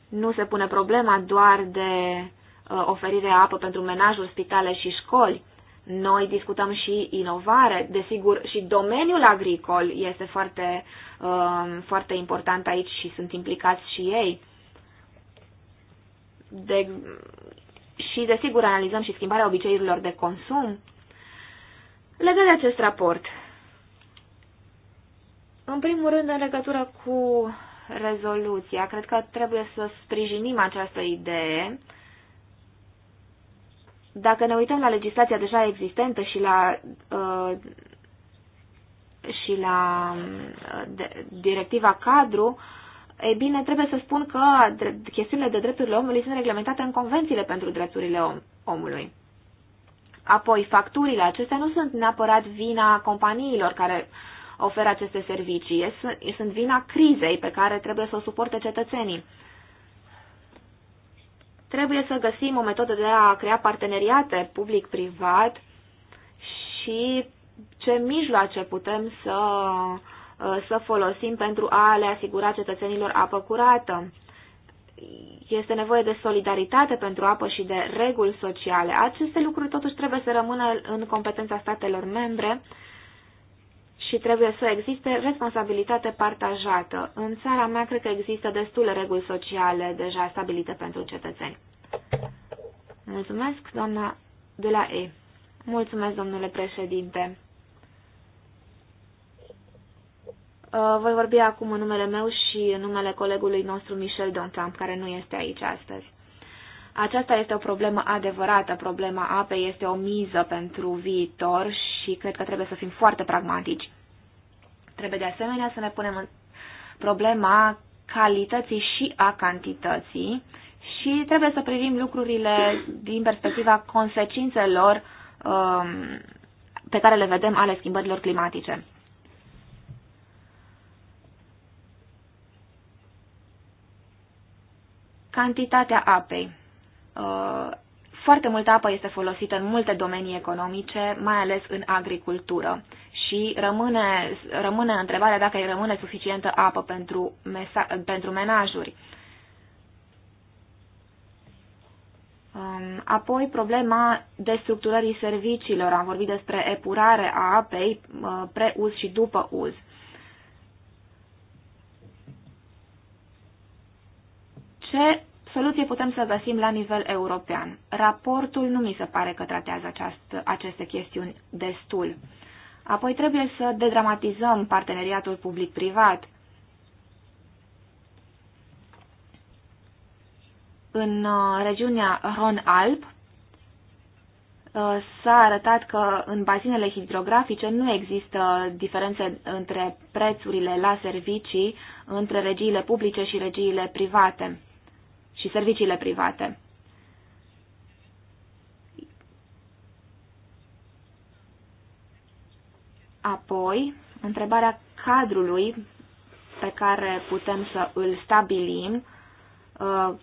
nu se pune problema doar de uh, oferirea apă pentru menajul, spitale și școli. Noi discutăm și inovare, desigur, și domeniul agricol este foarte, uh, foarte important aici și sunt implicați și ei. De, și, desigur, analizăm și schimbarea obiceiurilor de consum. Legat de acest raport, în primul rând, în legătură cu rezoluția, cred că trebuie să sprijinim această idee. Dacă ne uităm la legislația deja existentă și la, uh, și la uh, de, directiva cadru, uh, ei bine, trebuie să spun că chestiunile de drepturile omului sunt reglementate în convențiile pentru drepturile om, omului. Apoi, facturile acestea nu sunt neapărat vina companiilor care oferă aceste servicii, sunt vina crizei pe care trebuie să o suporte cetățenii. Trebuie să găsim o metodă de a crea parteneriate public-privat și ce mijloace putem să uh, Uh, să folosim pentru a le asigura cetățenilor apă curată. Este nevoie de solidaritate pentru apă și de reguli sociale. Aceste lucruri totuși trebuie să rămână în competența statelor membre și trebuie să existe responsabilitate partajată. În țara mea cred că există destule reguli sociale deja stabilite pentru cetățeni. Mulțumesc, doamna de la E. Mulțumesc, domnule președinte. Uh, voi vorbi acum în numele meu și în numele colegului nostru Michel Dontamp, care nu este aici astăzi. Aceasta este o problemă adevărată. Problema apei este o miză pentru viitor și cred că trebuie să fim foarte pragmatici. Trebuie de asemenea să ne punem în problema calității și a cantității și trebuie să privim lucrurile din perspectiva consecințelor um, pe care le vedem ale schimbărilor climatice. Cantitatea apei. Uh, foarte multă apă este folosită în multe domenii economice, mai ales în agricultură. Și rămâne, rămâne întrebarea dacă îi rămâne suficientă apă pentru, mesa, pentru menajuri. Um, apoi problema destructurării serviciilor. Am vorbit despre epurare a apei uh, pre-uz și după uz. Ce soluție putem să găsim la nivel european. Raportul nu mi se pare că tratează această, aceste chestiuni destul. Apoi trebuie să dedramatizăm parteneriatul public-privat. În uh, regiunea Ron alp uh, s-a arătat că în bazinele hidrografice nu există diferențe între prețurile la servicii între regiile publice și regiile private și serviciile private. Apoi, întrebarea cadrului pe care putem să îl stabilim uh,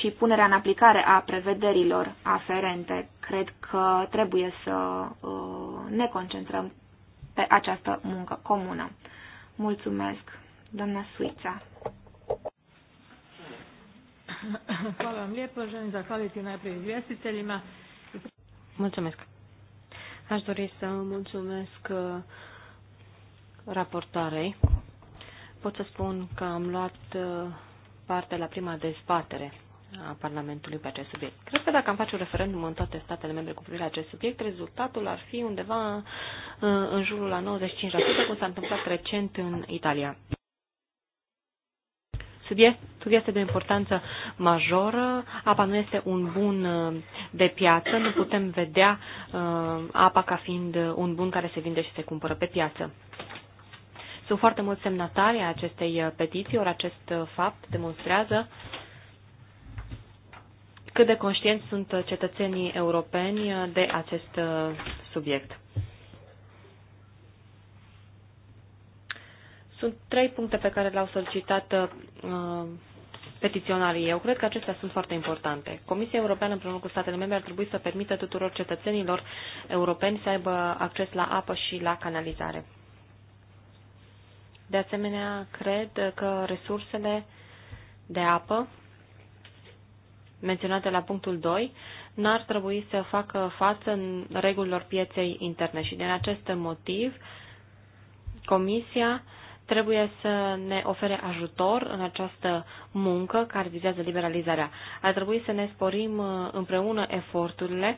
și punerea în aplicare a prevederilor aferente. Cred că trebuie să uh, ne concentrăm pe această muncă comună. Mulțumesc, doamna Suița. Hvala vam lijepo. Želim zahvaliti izvjestiteljima. Mulțumesc. Aș dori să mulțumesc uh, raportarei. Pot să spun că am luat uh, parte la prima dezbatere a Parlamentului pe acest subiect. Cred că dacă am face un referendum în toate statele membre cu privire la acest subiect, rezultatul ar fi undeva uh, în jurul la 95%, cum s-a întâmplat recent în Italia. Subiectul este de o importanță majoră, apa nu este un bun uh, de piață, nu putem vedea uh, apa ca fiind un bun care se vinde și se cumpără pe piață. Sunt foarte mulți semnatari a acestei uh, petiții, ori acest fapt demonstrează cât de conștienți sunt cetățenii europeni de acest subiect. Sunt trei puncte pe care le-au solicitat uh, petiționarii. Eu cred că acestea sunt foarte importante. Comisia Europeană împreună cu statele membre ar trebui să permită tuturor cetățenilor europeni să aibă acces la apă și la canalizare. De asemenea, cred că resursele de apă menționate la punctul 2 n-ar trebui să facă față în regulilor pieței interne și din acest motiv Comisia trebuie să ne ofere ajutor în această muncă care vizează liberalizarea. Ar trebui să ne sporim uh, împreună eforturile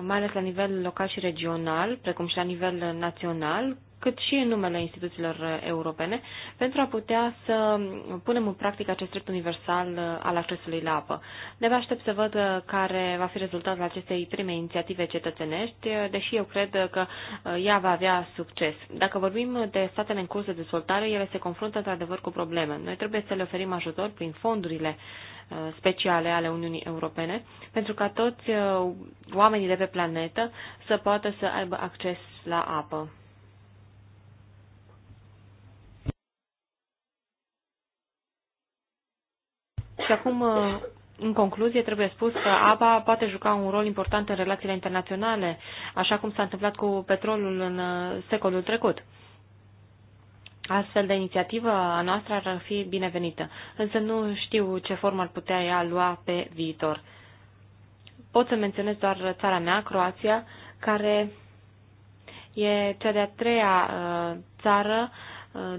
mai ales la nivel local și regional, precum și la nivel național, cât și în numele instituțiilor europene, pentru a putea să punem în practică acest drept universal uh, al accesului la apă. Ne va aștept să văd uh, care va fi rezultatul acestei prime inițiative cetățenești, uh, deși eu cred că ea va avea succes. Dacă vorbim de statele în curs de dezvoltare, ele se confruntă într-adevăr cu probleme. Noi trebuie să le oferim ajutor prin fondurile speciale ale Uniunii Europene, pentru ca toți oamenii de pe planetă să poată să aibă acces la apă. Și acum, uh, în concluzie, trebuie spus că apa poate juca un rol important în relațiile internaționale, așa cum s-a întâmplat cu petrolul în uh, secolul trecut. Astfel de inițiativă a noastră ar fi binevenită, însă nu știu ce formă ar putea ea lua pe viitor. Pot să menționez doar țara mea, Croația, care e cea de-a treia uh, țară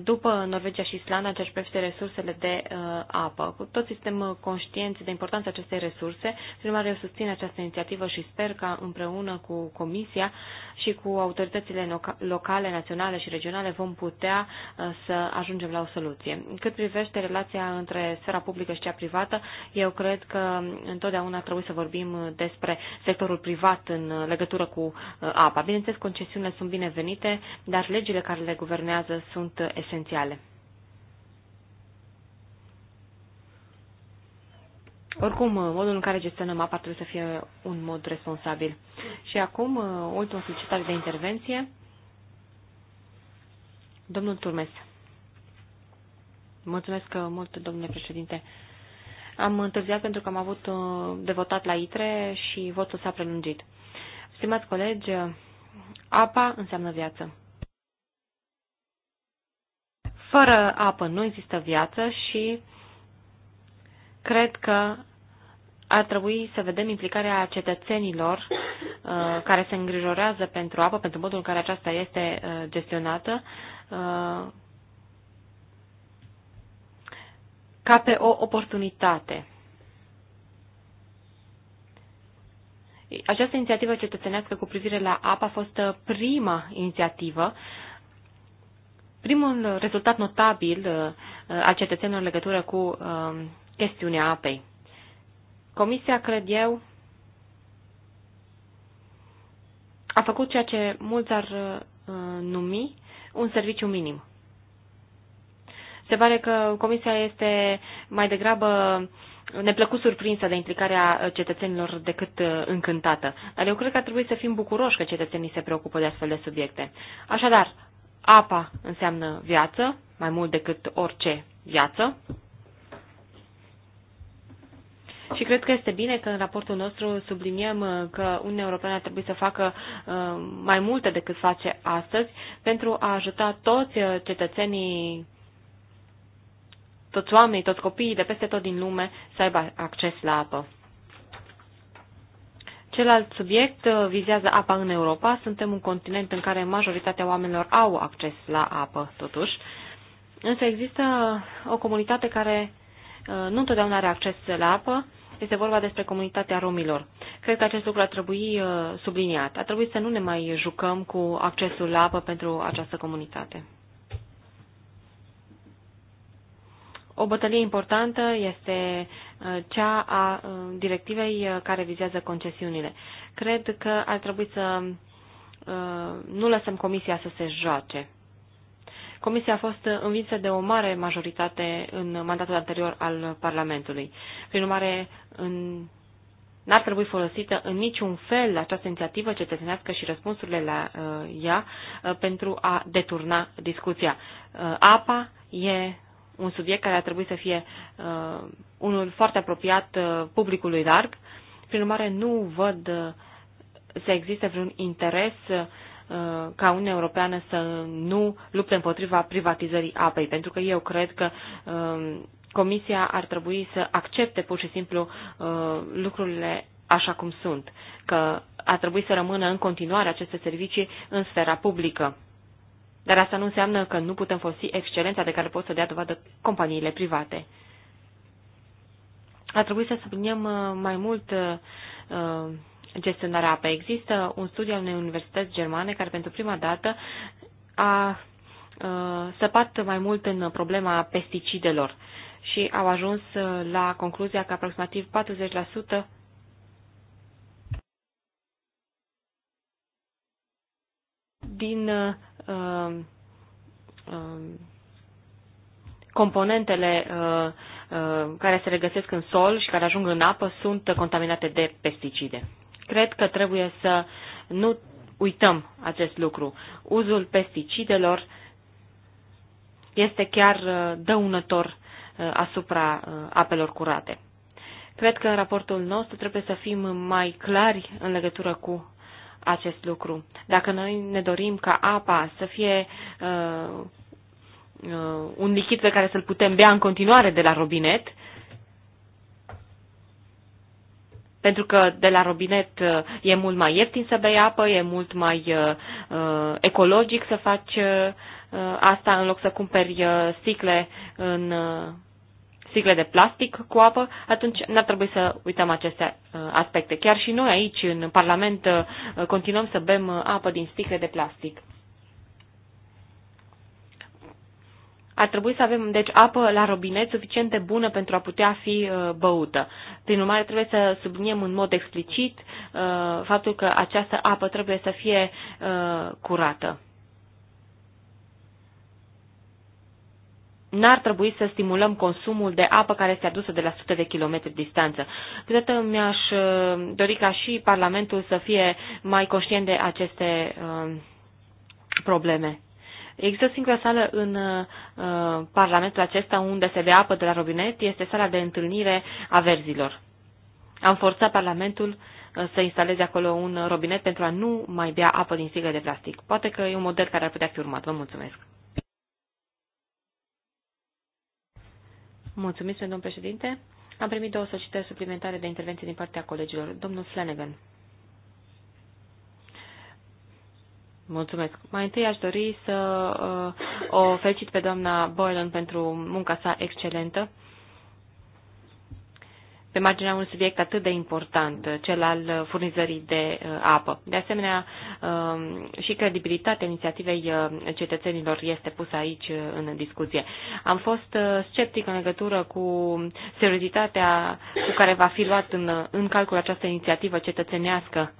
după Norvegia și Islanda ce privește resursele de uh, apă. Cu toți suntem uh, conștienți de importanța acestei resurse, prin urmare eu susțin această inițiativă și sper ca împreună cu Comisia și cu autoritățile locale, naționale și regionale vom putea uh, să ajungem la o soluție. Cât privește relația între sfera publică și cea privată, eu cred că întotdeauna trebuie să vorbim uh, despre sectorul privat în uh, legătură cu uh, apa. Bineînțeles, concesiunile sunt binevenite, dar legile care le guvernează sunt sunt uh, esențiale. Oricum, uh, modul în care gestionăm apa trebuie să fie un mod responsabil. Și acum, uh, ultima solicitare de intervenție. Domnul Turmes. Mulțumesc mult, domnule președinte. Am întârziat pentru că am avut de votat la ITRE și votul s-a prelungit. Stimați colegi, apa înseamnă viață. Fără apă nu există viață și cred că ar trebui să vedem implicarea cetățenilor uh, care se îngrijorează pentru apă, pentru modul în care aceasta este uh, gestionată, uh, ca pe o oportunitate. Această inițiativă cetățenească cu privire la apă a fost uh, prima inițiativă uh, Primul rezultat notabil uh, uh, al cetățenilor în legătură cu um, chestiunea apei. Comisia, cred eu, a făcut ceea ce mulți ar uh, numi un serviciu minim. Se pare că Comisia este mai degrabă neplăcut surprinsă de implicarea cetățenilor decât încântată. Dar eu cred că ar trebui să fim bucuroși că cetățenii se preocupă de astfel de subiecte. Așadar, Apa înseamnă viață, mai mult decât orice viață. Și cred că este bine că în raportul nostru subliniem uh, că Uniunea Europeană ar trebui să facă uh, mai multe decât face astăzi pentru a ajuta toți uh, cetățenii, toți oamenii, toți copiii de peste tot din lume să aibă acces la apă. Celălalt subiect uh, vizează apa în Europa. Suntem un continent în care majoritatea oamenilor au acces la apă, totuși. Însă există o comunitate care uh, nu întotdeauna are acces la apă. Este vorba despre comunitatea romilor. Cred că acest lucru ar trebui uh, subliniat. Ar trebui să nu ne mai jucăm cu accesul la apă pentru această comunitate. O bătălie importantă este uh, cea a uh, directivei uh, care vizează concesiunile. Cred că ar trebui să nu lăsăm comisia să se joace. Comisia a fost învinsă de o mare majoritate în mandatul anterior al Parlamentului. Prin urmare, în... n-ar trebui folosită în niciun fel această inițiativă cetățenească și răspunsurile la uh, ea uh, pentru a deturna discuția. Uh, apa e un subiect care ar trebui să fie uh, unul foarte apropiat uh, publicului larg. Prin urmare, nu văd uh, să existe vreun interes uh, ca Uniunea Europeană să nu lupte împotriva privatizării apei, pentru că eu cred că uh, Comisia ar trebui să accepte pur și simplu uh, lucrurile așa cum sunt, că ar trebui să rămână în continuare aceste servicii în sfera publică. Dar asta nu înseamnă că nu putem folosi excelența de care pot să dea dovadă companiile private. Ar trebui să subliniem uh, mai mult uh, uh, gestionarea apei. Există un studiu al unei universități germane care pentru prima dată a săpat mai mult în problema pesticidelor și au ajuns la concluzia că aproximativ 40% din Um, um, componentele uh, uh, care se regăsesc în sol și care ajung în apă sunt contaminate de pesticide. Cred că trebuie să nu uităm acest lucru. Uzul pesticidelor este chiar uh, dăunător asupra apelor curate. Cred că în raportul nostru trebuie să fim mai clari în legătură cu acest lucru. Dacă noi ne dorim ca apa să fie uh, uh, un lichid pe care să-l putem bea în continuare de la robinet, pentru că de la robinet uh, e mult mai ieftin să bei apă, e mult mai uh, uh, ecologic să faci uh, asta în loc să cumperi uh, sticle în uh, sticle de plastic cu apă, atunci n-ar trebui să uităm aceste uh, aspecte. Chiar și noi aici, în Parlament, uh, continuăm să bem uh, apă din sticle de plastic. Ar trebui să avem, deci, apă la robinet suficient de bună pentru a putea fi băută. Prin urmare, trebuie să subliniem în mod explicit faptul că această apă trebuie să fie curată. n-ar trebui să stimulăm consumul de apă care este adusă de la sute de kilometri distanță. că mi-aș uh, dori ca și Parlamentul să fie mai conștient de aceste uh, probleme. Există o singură sală în uh, Parlamentul acesta unde se bea apă de la robinet, este sala de întâlnire a verzilor. Am forțat Parlamentul uh, să instaleze acolo un robinet pentru a nu mai bea apă din sigă de plastic. Poate că e un model care ar putea fi urmat. Vă mulțumesc. Mulțumesc, domnul președinte. Am primit două solicitări suplimentare de intervenție din partea colegilor. Domnul Flanagan. Mulțumesc. Mai întâi aș dori să uh, o felicit pe doamna Boylan pentru munca sa excelentă pe marginea unui subiect atât de important, cel al furnizării de uh, apă. De asemenea, um, și credibilitatea inițiativei uh, cetățenilor este pusă aici uh, în discuție. Am fost sceptic în legătură cu seriozitatea cu care va fi luat în, în calcul această inițiativă cetățenească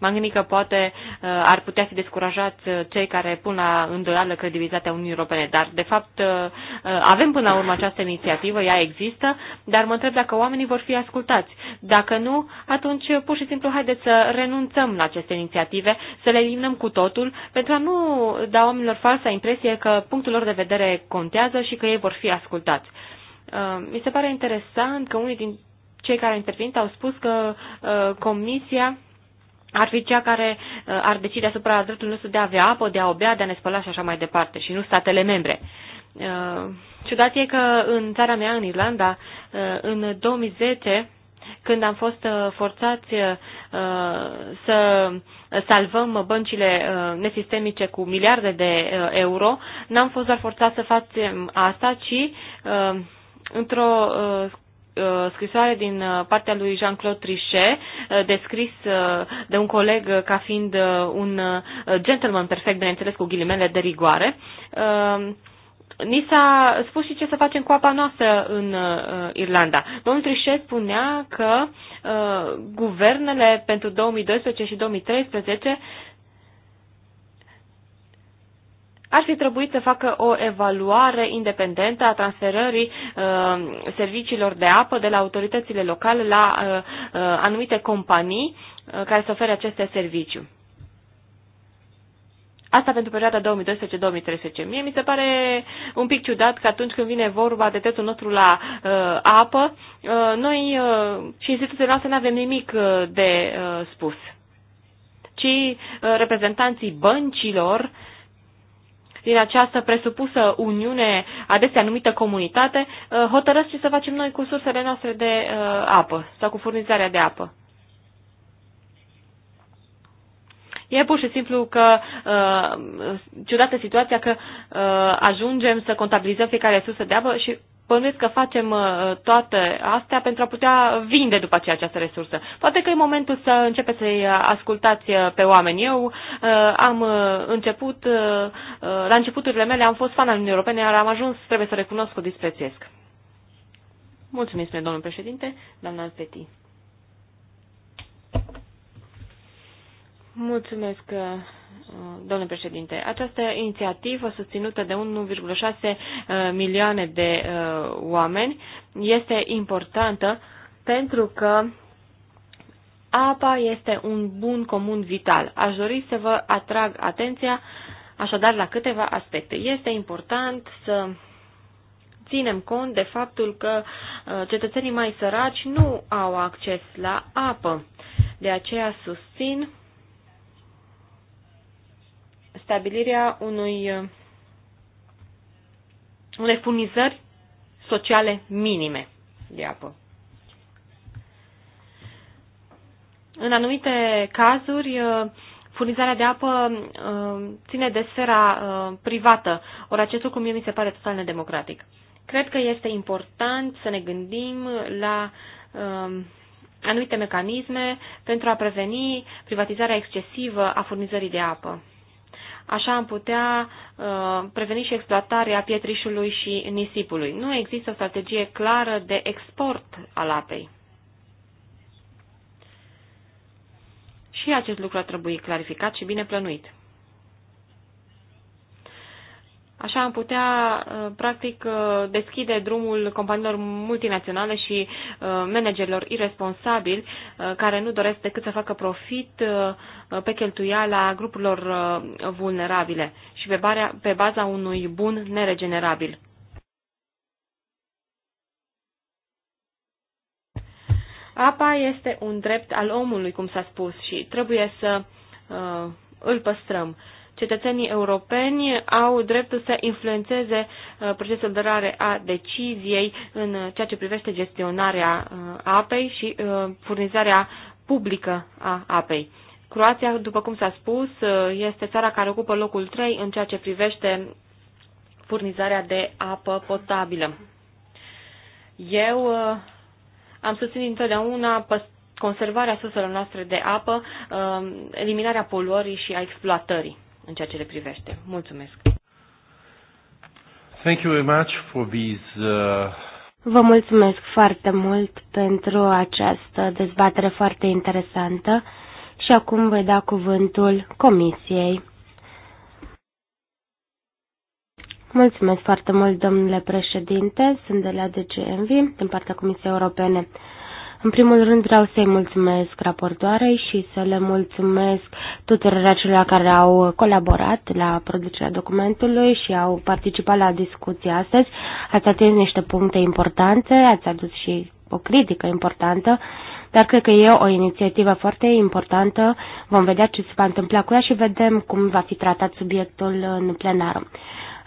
M-am gândit că poate uh, ar putea fi descurajați uh, cei care pun la îndoială credibilitatea Uniunii Europene, dar de fapt uh, avem până la urmă această inițiativă, ea există, dar mă întreb dacă oamenii vor fi ascultați. Dacă nu, atunci pur și simplu haideți să renunțăm la aceste inițiative, să le eliminăm cu totul, pentru a nu da oamenilor falsa impresie că punctul lor de vedere contează și că ei vor fi ascultați. Mi se pare interesant că unii din cei care au intervenit au spus că uh, Comisia ar fi cea care uh, ar decide asupra dreptului nostru de a avea apă, de a obea, de a ne spăla și așa mai departe, și nu statele membre. Uh, ciudat e că în țara mea, în Irlanda, uh, în 2010, când am fost forțați să salvăm băncile nesistemice cu miliarde de euro, n-am fost doar forțați să facem asta, ci într-o Uh, scrisoare din uh, partea lui Jean-Claude Trichet, uh, descris de un coleg ca fiind un gentleman perfect, bineînțeles cu ghilimele de rigoare, ni s-a spus și ce să facem cu apa noastră în uh, Irlanda. Domnul Trichet spunea că uh, guvernele pentru 2012 și 2013 ar fi trebuit să facă o evaluare independentă a transferării uh, serviciilor de apă de la autoritățile locale la uh, uh, anumite companii uh, care să ofere aceste serviciu. Asta pentru perioada 2012-2013. Mie mi se pare un pic ciudat că atunci când vine vorba de testul nostru la uh, apă, uh, noi uh, și instituțiile noastre nu avem nimic uh, de uh, spus, ci uh, reprezentanții băncilor uh, din această presupusă uniune, adesea numită comunitate, uh, hotărăsc ce să facem noi cu sursele noastre de uh, apă sau cu furnizarea de apă. E pur și simplu că uh, ciudată situația că uh, ajungem să contabilizăm fiecare sursă de apă și bănuiesc că facem uh, toate astea pentru a putea vinde după aceea această resursă. Poate că e momentul să începeți să-i ascultați uh, pe oameni. Eu uh, am început, la începuturile mele am fost fan al Uniunii Europene, iar am ajuns, trebuie să recunosc, o disprețuiesc. Mulțumesc, domnul președinte, doamna Peti. Mulțumesc, uh, domnule președinte. Această inițiativă susținută de 1,6 uh, milioane de uh, oameni este importantă pentru că apa este un bun comun vital. Aș dori să vă atrag atenția așadar la câteva aspecte. Este important să ținem cont de faptul că cetățenii mai săraci nu au acces la apă. De aceea susțin stabilirea unui, uh, unei furnizări sociale minime de apă. În anumite cazuri, uh, furnizarea de apă uh, ține de sfera privată, ori acest lucru mie mi se pare total nedemocratic. Cred că este important să ne gândim la um, anumite mecanisme pentru a preveni privatizarea excesivă a furnizării de apă. Așa am putea uh, preveni și exploatarea pietrișului și nisipului. Nu există o strategie clară de export al apei. Și acest lucru a trebuit clarificat și bine plănuit. Așa am putea, uh, practic, uh, deschide drumul companiilor multinaționale și uh, managerilor irresponsabili care nu doresc decât să facă profit pe cheltuiala grupurilor vulnerabile și pe, baza unui bun neregenerabil. Apa este un drept al omului, cum s-a spus, și trebuie să uh, îl păstrăm. Uh, cetățenii europeni au dreptul să influențeze uh, procesul de rare a deciziei în uh, ceea ce privește gestionarea uh, apei și furnizarea publică a apei. Croația, după cum s-a spus, este țara care ocupă locul 3 în ceea ce privește furnizarea de apă potabilă. Eu am susținut întotdeauna conservarea surselor noastre de apă, eliminarea poluării și a exploatării în ceea ce le privește. Mulțumesc! Thank you very much for these, uh... Vă mulțumesc foarte mult pentru această dezbatere foarte interesantă și acum voi da cuvântul Comisiei. Mulțumesc foarte mult, domnule președinte. Sunt de la DCMV, din partea Comisiei Europene. În primul rând vreau să-i mulțumesc raportoarei și să le mulțumesc tuturor acelor care au colaborat la producerea documentului și au participat la discuția astăzi. Ați atins niște puncte importante, ați adus și o critică importantă, dar cred că e o inițiativă foarte importantă. Vom vedea ce se va întâmpla cu ea și vedem cum va fi tratat subiectul în plenară.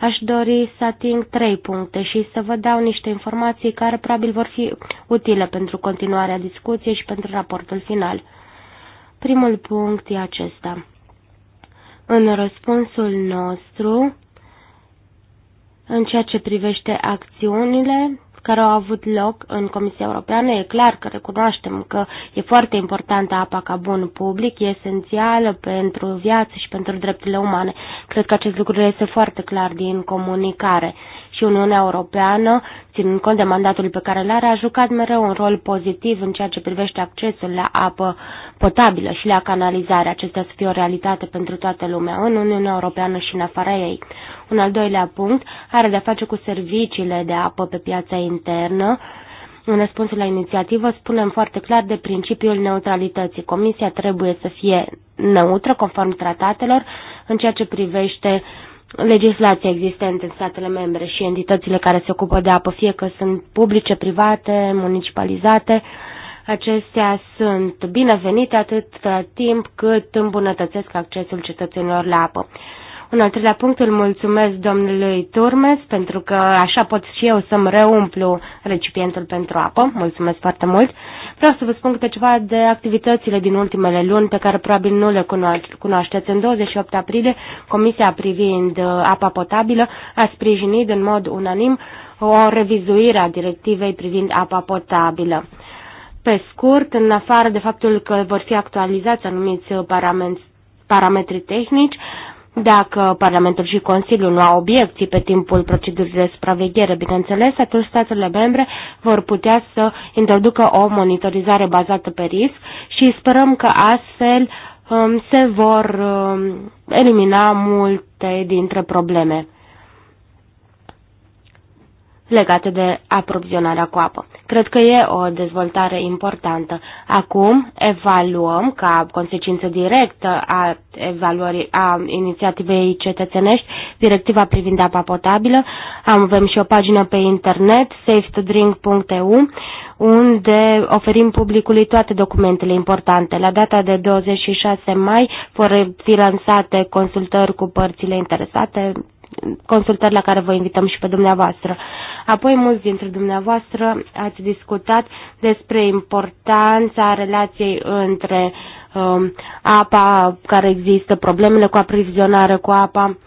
Aș dori să ating trei puncte și să vă dau niște informații care probabil vor fi utile pentru continuarea discuției și pentru raportul final. Primul punct e acesta. În răspunsul nostru, în ceea ce privește acțiunile care au avut loc în Comisia Europeană. E clar că recunoaștem că e foarte importantă apa ca bun public, e esențială pentru viață și pentru drepturile umane. Cred că acest lucru este foarte clar din comunicare și Uniunea Europeană, ținând cont de mandatul pe care l-are, a jucat mereu un rol pozitiv în ceea ce privește accesul la apă potabilă și la canalizare. Acestea să fie o realitate pentru toată lumea în Uniunea Europeană și în afara ei. Un al doilea punct are de-a face cu serviciile de apă pe piața internă. În răspunsul la inițiativă spunem foarte clar de principiul neutralității. Comisia trebuie să fie neutră conform tratatelor în ceea ce privește uh, legislația existentă în statele membre și entitățile care se ocupă de apă, fie că sunt publice, private, municipalizate, acestea sunt binevenite atât timp cât îmbunătățesc accesul cetățenilor la apă. Un al treilea punct îl mulțumesc domnului Turmes pentru că așa pot și eu să-mi reumplu recipientul pentru apă. Mulțumesc foarte mult. Vreau să vă spun câte ceva de activitățile din ultimele luni pe care probabil nu le cunoașteți. În 28 aprilie, Comisia privind uh, apa potabilă a sprijinit în mod unanim o revizuire a directivei privind apa potabilă. Pe scurt, în afară de faptul că vor fi actualizați anumiți uh, parametri tehnici, dacă Parlamentul și Consiliul nu au obiecții pe timpul procedurii de supraveghere, bineînțeles, atunci statele membre vor putea să introducă o monitorizare bazată pe risc și sperăm că astfel um, se vor um, elimina multe dintre probleme legate de aprovizionarea cu apă. Cred că e o dezvoltare importantă. Acum evaluăm ca consecință directă a, evaluării, a inițiativei cetățenești directiva privind apa potabilă. Am, avem și o pagină pe internet, safetodrink.eu, unde oferim publicului toate documentele importante. La data de 26 mai vor fi lansate consultări cu părțile interesate consultări la care vă invităm și pe dumneavoastră. Apoi, mulți dintre dumneavoastră ați discutat despre importanța relației între um, apa care există, problemele cu aprovizionare cu apa.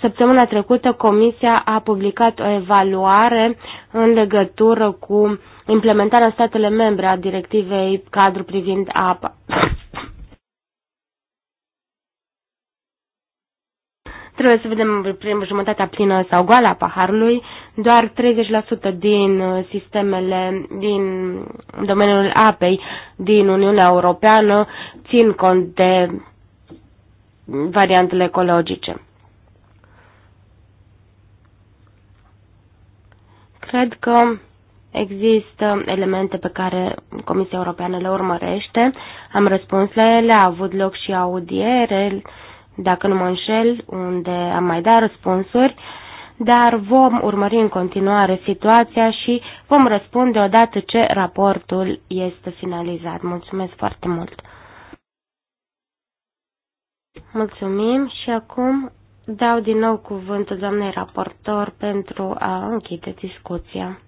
Săptămâna trecută, Comisia a publicat o evaluare în legătură cu implementarea statele membre a directivei cadru privind apa. Trebuie să vedem prin jumătatea plină sau goală a paharului. Doar 30% din uh, sistemele din domeniul apei din Uniunea Europeană țin cont de variantele ecologice. Cred că Există elemente pe care Comisia Europeană le urmărește. Am răspuns la ele, a avut loc și audiere dacă nu mă înșel, unde am mai dat răspunsuri, dar vom urmări în continuare situația și vom răspunde odată ce raportul este finalizat. Mulțumesc foarte mult! Mulțumim și acum dau din nou cuvântul doamnei raportor pentru a închide discuția.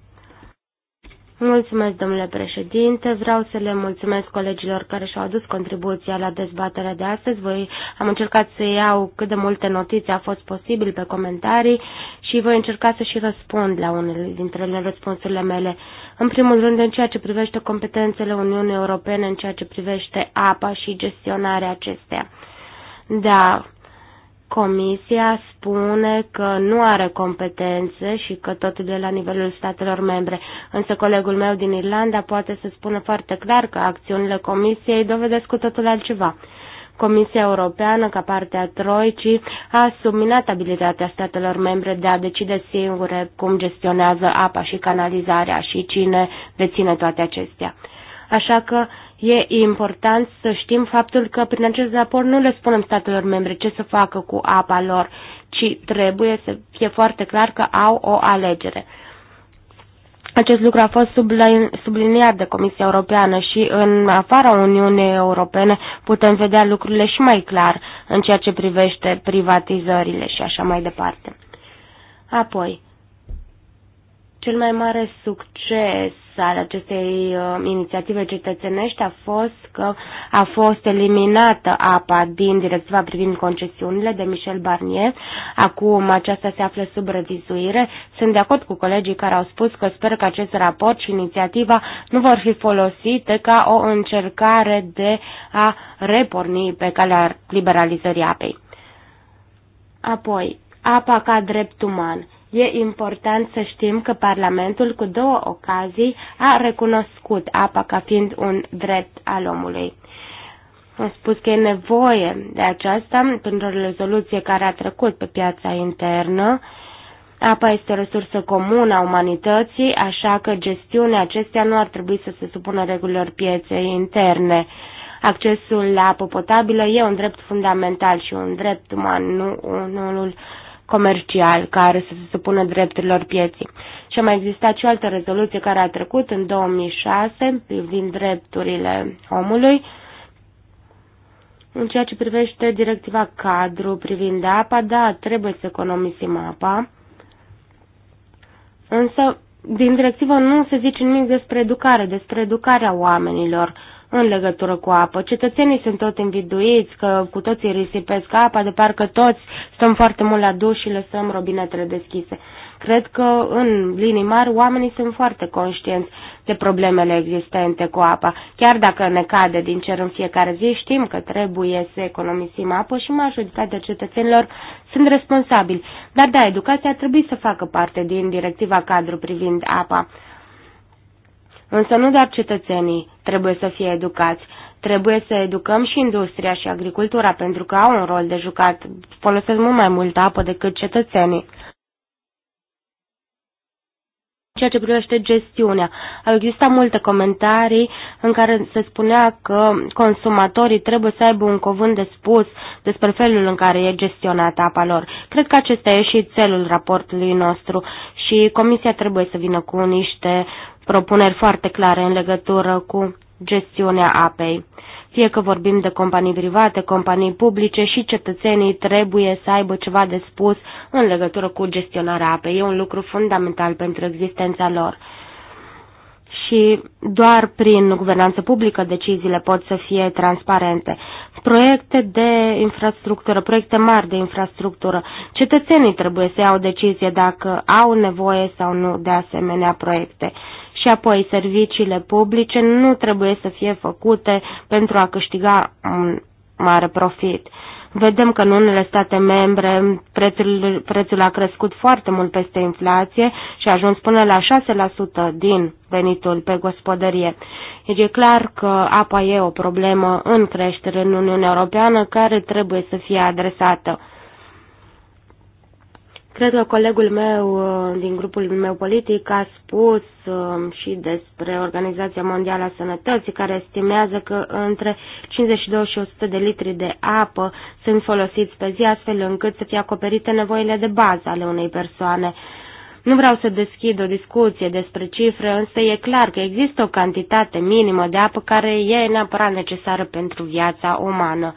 Mulțumesc, domnule președinte. Vreau să le mulțumesc colegilor care și-au adus contribuția la dezbaterea de astăzi. Voi am încercat să iau cât de multe notițe a fost posibil pe comentarii și voi încerca să și răspund la unele dintre răspunsurile mele. În primul rând, în ceea ce privește competențele Uniunii Europene, în ceea ce privește apa și gestionarea acesteia. Da, Comisia spune că nu are competențe și că totul e la nivelul statelor membre, însă colegul meu din Irlanda poate să spună foarte clar că acțiunile Comisiei dovedesc cu totul altceva. Comisia Europeană, ca parte a Troicii, a subminat abilitatea statelor membre de a decide singure cum gestionează apa și canalizarea și cine deține toate acestea. Așa că E important să știm faptul că prin acest raport nu le spunem statelor membre ce să facă cu apa lor, ci trebuie să fie foarte clar că au o alegere. Acest lucru a fost subliniat de Comisia Europeană și în afara Uniunii Europene putem vedea lucrurile și mai clar în ceea ce privește privatizările și așa mai departe. Apoi, cel mai mare succes al acestei uh, inițiative cetățenești a fost că a fost eliminată apa din directiva privind concesiunile de Michel Barnier. Acum aceasta se află sub revizuire. Sunt de acord cu colegii care au spus că sper că acest raport și inițiativa nu vor fi folosite ca o încercare de a reporni pe calea liberalizării apei. Apoi, apa ca drept uman. E important să știm că Parlamentul cu două ocazii a recunoscut apa ca fiind un drept al omului. Am spus că e nevoie de aceasta pentru o rezoluție care a trecut pe piața internă. Apa este o resursă comună a umanității, așa că gestiunea acesteia nu ar trebui să se supună regulilor pieței interne. Accesul la apă potabilă e un drept fundamental și un drept uman, nu unul comercial care să se supună drepturilor pieții. Și a mai existat și o altă rezoluție care a trecut în 2006 privind drepturile omului, în ceea ce privește directiva cadru privind apa, da, trebuie să economisim apa, însă din directivă nu se zice nimic despre educare, despre educarea oamenilor, în legătură cu apă. Cetățenii sunt tot înviduiți că cu toții risipesc apa, de parcă toți stăm foarte mult la duș și lăsăm robinetele deschise. Cred că, în linii mari, oamenii sunt foarte conștienți de problemele existente cu apa. Chiar dacă ne cade din cer în fiecare zi, știm că trebuie să economisim apă și majoritatea cetățenilor sunt responsabili. Dar da, educația trebuie să facă parte din directiva cadru privind apa. Însă nu doar cetățenii trebuie să fie educați, trebuie să educăm și industria și agricultura pentru că au un rol de jucat, folosesc mult mai multă apă decât cetățenii. Ceea ce privește gestiunea, au existat multe comentarii în care se spunea că consumatorii trebuie să aibă un cuvânt de spus despre felul în care e gestionată apa lor. Cred că acesta e și țelul raportului nostru și Comisia trebuie să vină cu niște propuneri foarte clare în legătură cu gestiunea apei. Fie că vorbim de companii private, companii publice și cetățenii trebuie să aibă ceva de spus în legătură cu gestionarea apei. E un lucru fundamental pentru existența lor. Și doar prin guvernanță publică deciziile pot să fie transparente. Proiecte de infrastructură, proiecte mari de infrastructură. Cetățenii trebuie să iau decizie dacă au nevoie sau nu de asemenea proiecte și apoi serviciile publice nu trebuie să fie făcute pentru a câștiga un mare profit. Vedem că în unele state membre prețul, prețul a crescut foarte mult peste inflație și a ajuns până la 6% din venitul pe gospodărie. Deci e clar că apa e o problemă în creștere în Uniunea Europeană care trebuie să fie adresată. Cred că colegul meu uh, din grupul meu politic a spus um, și despre Organizația Mondială a Sănătății, care estimează că între 52 și 100 de litri de apă sunt folosiți pe zi, astfel încât să fie acoperite nevoile de bază ale unei persoane. Nu vreau să deschid o discuție despre cifre, însă e clar că există o cantitate minimă de apă care e neapărat necesară pentru viața umană.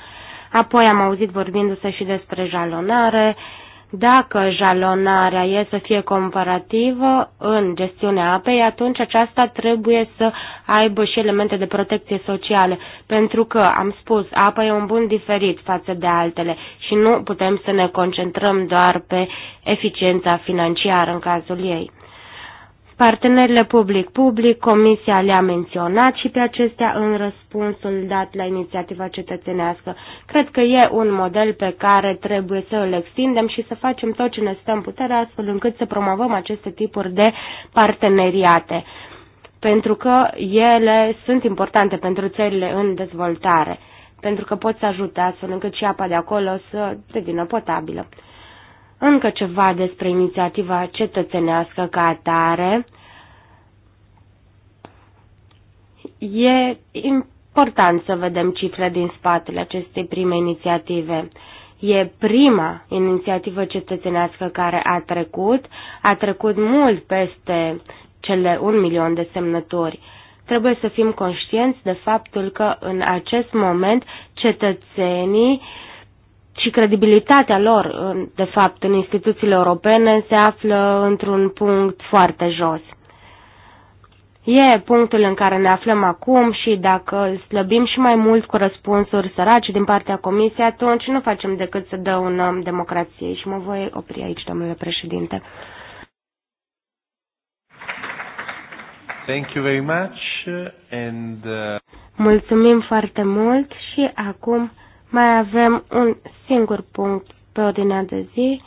Apoi am auzit vorbindu-se și despre jalonare, dacă jalonarea e să fie comparativă în gestiunea apei, atunci aceasta trebuie să aibă și elemente de protecție socială, pentru că, am spus, apa e un bun diferit față de altele și nu putem să ne concentrăm doar pe eficiența financiară în cazul ei. Partenerile public-public, Comisia le-a menționat și pe acestea în răspunsul dat la inițiativa cetățenească. Cred că e un model pe care trebuie să îl extindem și să facem tot ce ne stă în putere astfel încât să promovăm aceste tipuri de parteneriate pentru că ele sunt importante pentru țările în dezvoltare, pentru că pot să ajute astfel încât și apa de acolo să devină potabilă. Încă ceva despre inițiativa cetățenească ca atare. E important să vedem cifre din spatele acestei prime inițiative. E prima inițiativă cetățenească care a trecut, a trecut mult peste cele un milion de semnături. Trebuie să fim conștienți de faptul că în acest moment cetățenii uh, și credibilitatea lor, de fapt, în instituțiile europene se află într-un punct foarte jos. E punctul în care ne aflăm acum și dacă slăbim și mai mult cu răspunsuri săraci din partea comisiei, atunci nu facem decât să dăunăm democrației și mă voi opri aici, domnule președinte. Thank you very much and, uh... Mulțumim foarte mult și acum mai avem un singur punct pe ordinea de zi.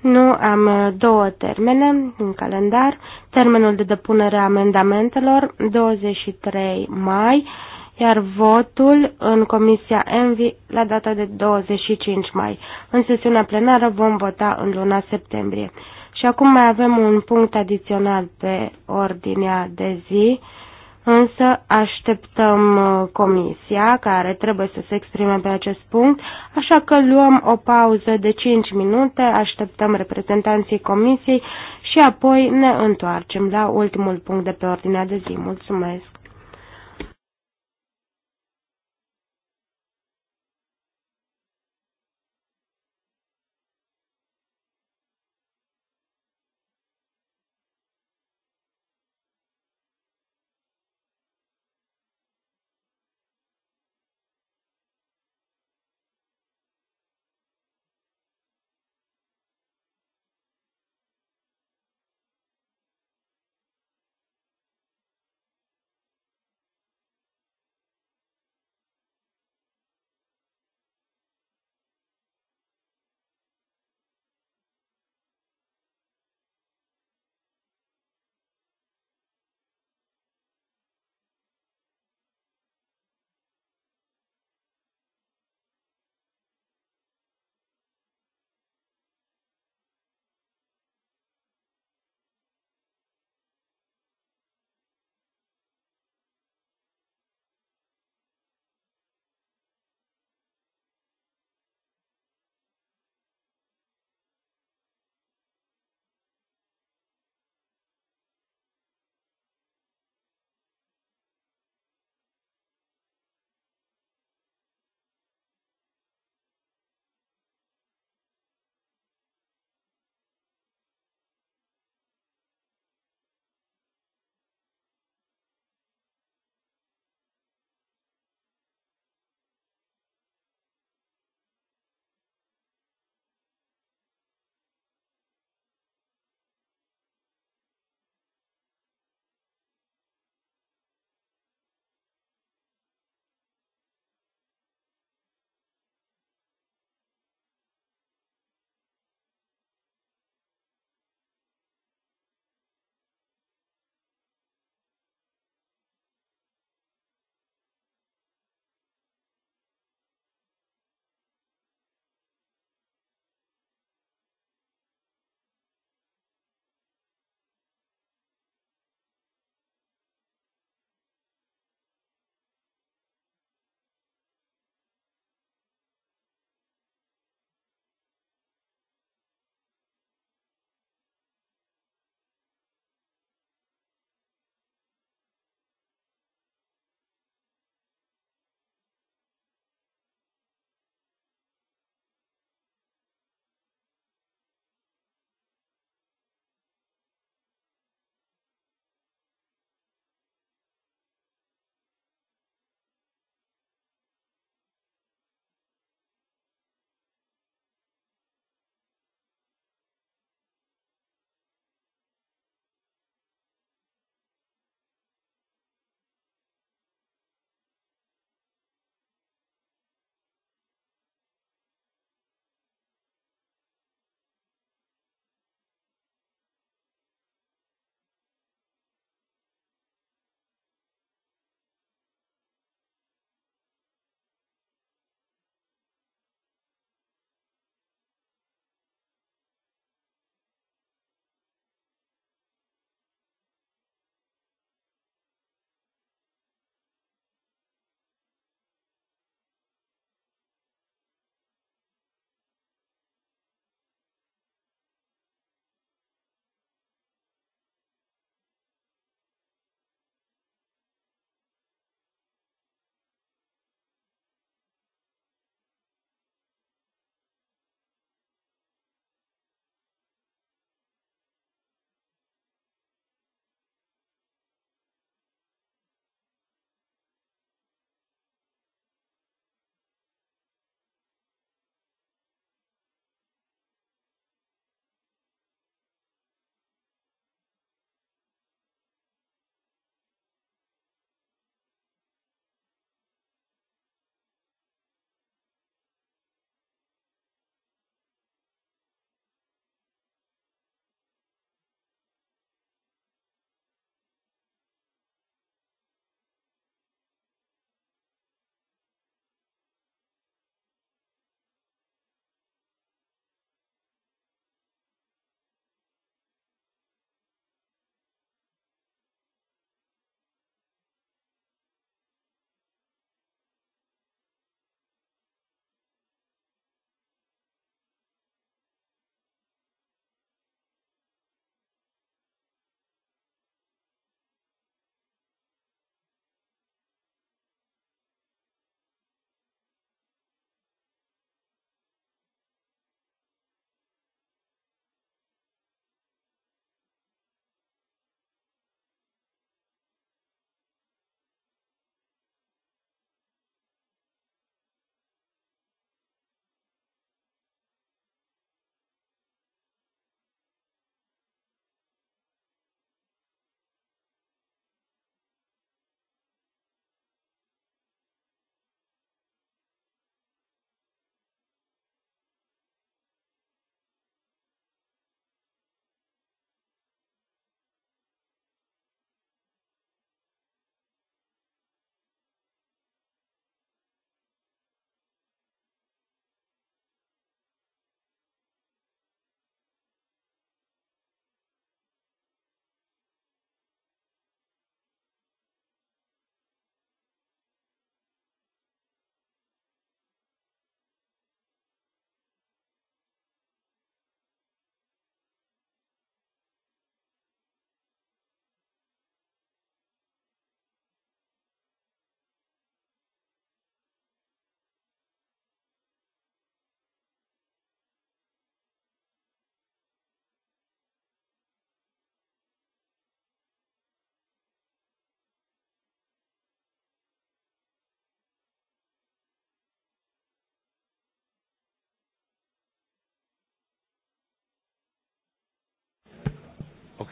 Nu am uh, două termene în calendar. Termenul de depunere a amendamentelor 23 mai, iar votul în Comisia ENVI la data de 25 mai. În sesiunea plenară vom vota în luna septembrie. Și acum mai avem un punct adițional pe ordinea de zi. Însă așteptăm uh, comisia care trebuie să se exprime pe acest punct, așa că luăm o pauză de 5 minute, așteptăm reprezentanții comisiei și apoi ne întoarcem la ultimul punct de pe ordinea de zi. Mulțumesc!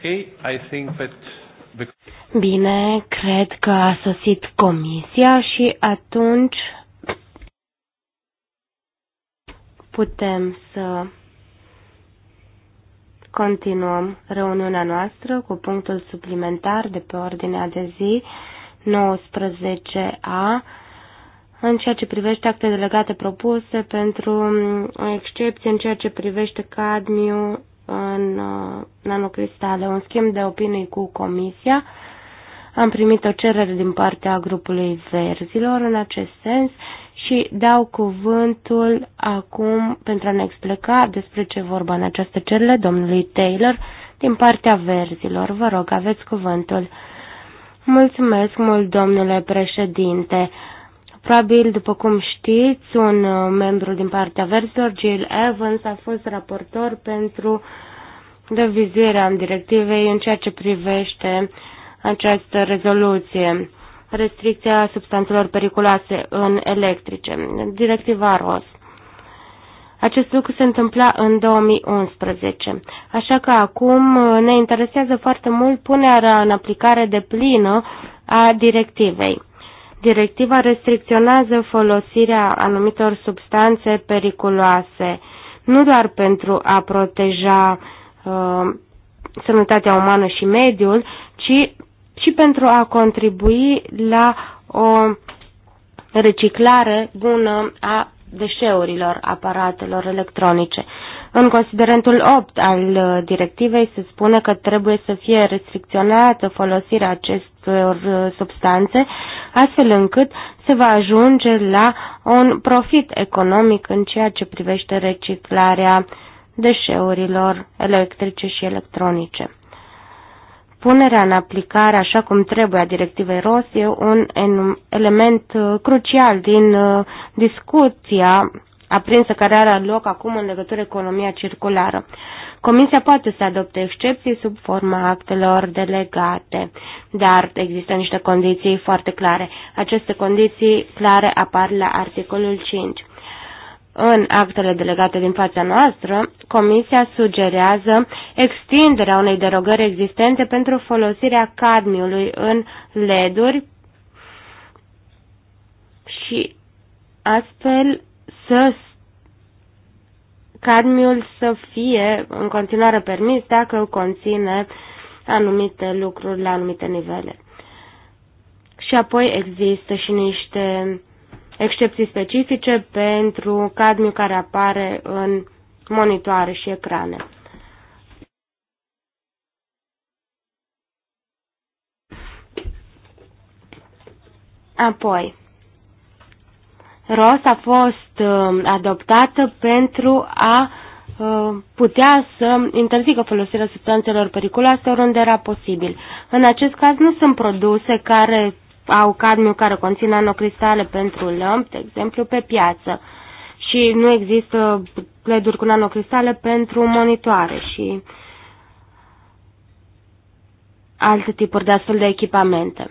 Okay, I think that the... Bine, cred că a sosit comisia și atunci putem să continuăm reuniunea noastră cu punctul suplimentar de pe ordinea de zi 19A în ceea ce privește acte delegate propuse pentru mm, o excepție în ceea ce privește cadmiu în nanocristale, un schimb de opinii cu Comisia. Am primit o cerere din partea grupului verzilor în acest sens și dau cuvântul acum pentru a ne explica despre ce vorba în această cerere domnului Taylor din partea verzilor. Vă rog, aveți cuvântul. Mulțumesc mult, domnule președinte. Probabil, după cum știți, un uh, membru din partea versilor, Jill Evans, a fost raportor pentru revizuirea directivei în ceea ce privește această rezoluție restricția substanțelor periculoase în electrice, directiva ROS. Acest lucru se întâmpla în 2011, așa că acum uh, ne interesează foarte mult punerea în aplicare de plină a directivei. Directiva restricționează folosirea anumitor substanțe periculoase, nu doar pentru a proteja uh, sănătatea umană și mediul, ci și pentru a contribui la o reciclare bună a deșeurilor aparatelor electronice. În considerentul 8 al uh, directivei se spune că trebuie să fie restricționată folosirea acestor uh, substanțe, astfel încât se va ajunge la un profit economic în ceea ce privește reciclarea deșeurilor electrice și electronice. Punerea în aplicare așa cum trebuie a directivei ROS e un element uh, crucial din discuția aprinsă care are loc acum în legătură cu economia circulară. Comisia poate să adopte excepții sub forma actelor delegate, dar există niște condiții foarte clare. Aceste condiții clare apar la articolul 5. În actele delegate din fața noastră, Comisia sugerează extinderea unei derogări existente pentru folosirea cadmiului în leduri și astfel să cadmiul să fie în continuare permis dacă îl conține anumite lucruri la anumite nivele. Și apoi există și niște excepții specifice pentru cadmiu care apare în monitoare și ecrane. Apoi, Ross a fost uh, adoptată pentru a uh, putea să interzică folosirea substanțelor periculoase oriunde era posibil. În acest caz nu sunt produse care au cadmiu care conțin nanocristale pentru lămpi, de exemplu, pe piață. Și nu există pleduri cu nanocristale pentru monitoare și alte tipuri de astfel de echipamente.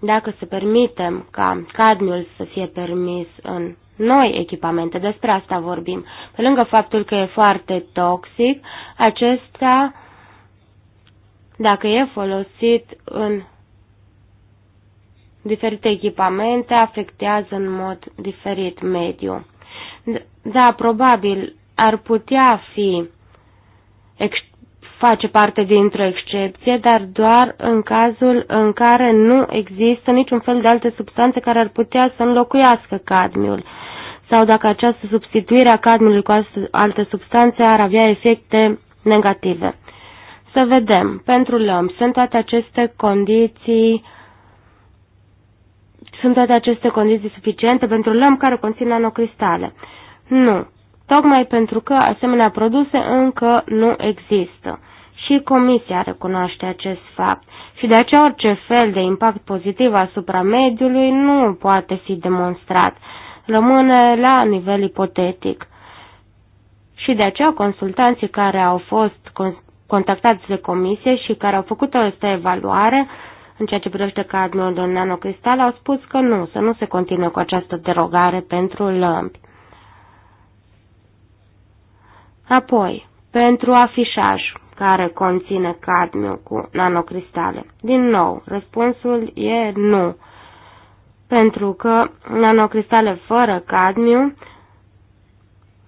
Dacă să permitem ca cadmiul să fie permis în noi echipamente, despre asta vorbim. Pe lângă faptul că e foarte toxic, acesta, dacă e folosit în diferite echipamente, afectează în mod diferit mediul. Da, probabil ar putea fi face parte dintr-o excepție, dar doar în cazul în care nu există niciun fel de alte substanțe care ar putea să înlocuiască cadmiul sau dacă această substituire a cadmiului cu alte substanțe ar avea efecte negative. Să vedem. Pentru lăm, sunt toate aceste condiții sunt toate aceste condiții suficiente pentru lăm care conțin nanocristale? Nu. Tocmai pentru că asemenea produse încă nu există. Și Comisia recunoaște acest fapt și de aceea orice fel de impact pozitiv asupra mediului nu poate fi demonstrat. Rămâne la nivel ipotetic. Și de aceea consultanții care au fost contactați de comisie și care au făcut o evaluare în ceea ce privește cadmiul de nanocristal au spus că nu, să nu se continue cu această derogare pentru lămpi. Apoi, pentru afișaj, care conține cadmiu cu nanocristale? Din nou, răspunsul e nu, pentru că nanocristale fără cadmiu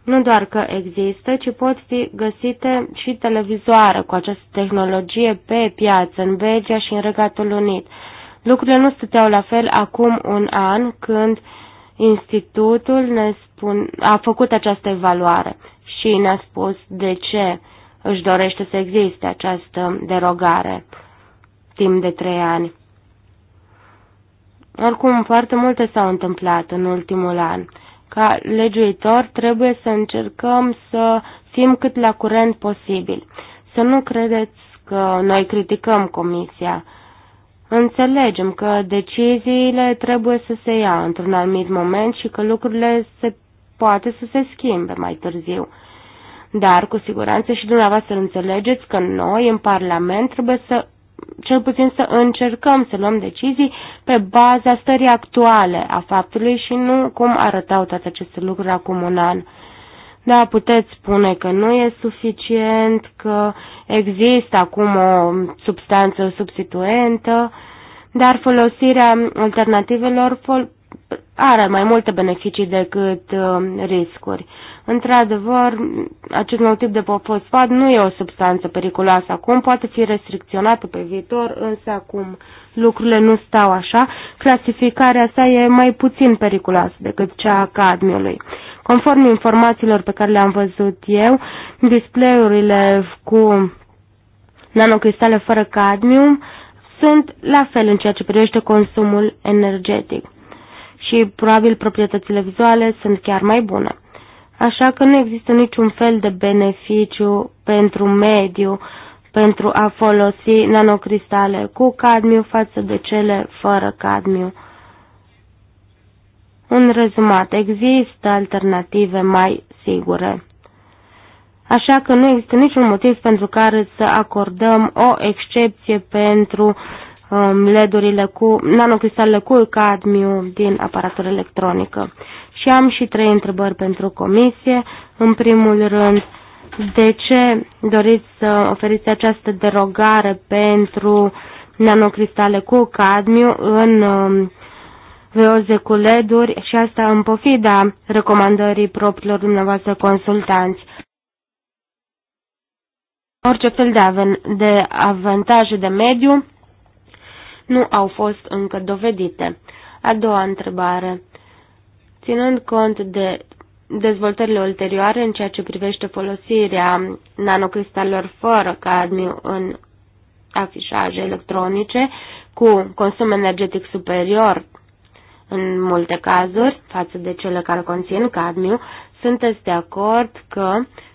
nu doar că există, ci pot fi găsite și televizoare cu această tehnologie pe piață, în Belgia și în Regatul Unit. Lucrurile nu stăteau la fel acum un an când institutul ne spun, a făcut această evaluare și ne-a spus de ce își dorește să existe această derogare timp de trei ani. Oricum, foarte multe s-au întâmplat în ultimul an. Ca legiuitor trebuie să încercăm să fim cât la curent posibil. Să nu credeți că noi criticăm Comisia. Înțelegem că deciziile trebuie să se ia într-un anumit moment și că lucrurile se poate să se schimbe mai târziu. Dar cu siguranță și dumneavoastră înțelegeți că noi în Parlament trebuie să cel puțin să încercăm să luăm decizii pe baza stării actuale a faptului și nu cum arătau toate aceste lucruri acum un an. Da, puteți spune că nu e suficient, că există acum o substanță substituentă, dar folosirea alternativelor are mai multe beneficii decât uh, riscuri. Într-adevăr, acest nou tip de fosfat nu e o substanță periculoasă acum, poate fi restricționată pe viitor, însă acum lucrurile nu stau așa. Clasificarea sa e mai puțin periculoasă decât cea a cadmiului. Conform informațiilor pe care le-am văzut eu, display-urile cu nanocristale fără cadmium sunt la fel în ceea ce privește consumul energetic și probabil proprietățile vizuale sunt chiar mai bune. Așa că nu există niciun fel de beneficiu pentru mediu pentru a folosi nanocristale cu cadmiu față de cele fără cadmiu. În rezumat, există alternative mai sigure. Așa că nu există niciun motiv pentru care să acordăm o excepție pentru um, LED-urile cu nanocristale cu cadmiu din aparatul electronică. Și am și trei întrebări pentru comisie. În primul rând, de ce doriți să oferiți această derogare pentru nanocristale cu cadmiu în um, veoze cu leduri și asta în pofida recomandării propriilor dumneavoastră consultanți? Orice fel de, aven- de avantaje de mediu nu au fost încă dovedite. A doua întrebare. Ținând cont de dezvoltările ulterioare în ceea ce privește folosirea nanocristalelor fără cadmiu în afișaje electronice, cu consum energetic superior în multe cazuri față de cele care conțin cadmiu, sunteți de acord că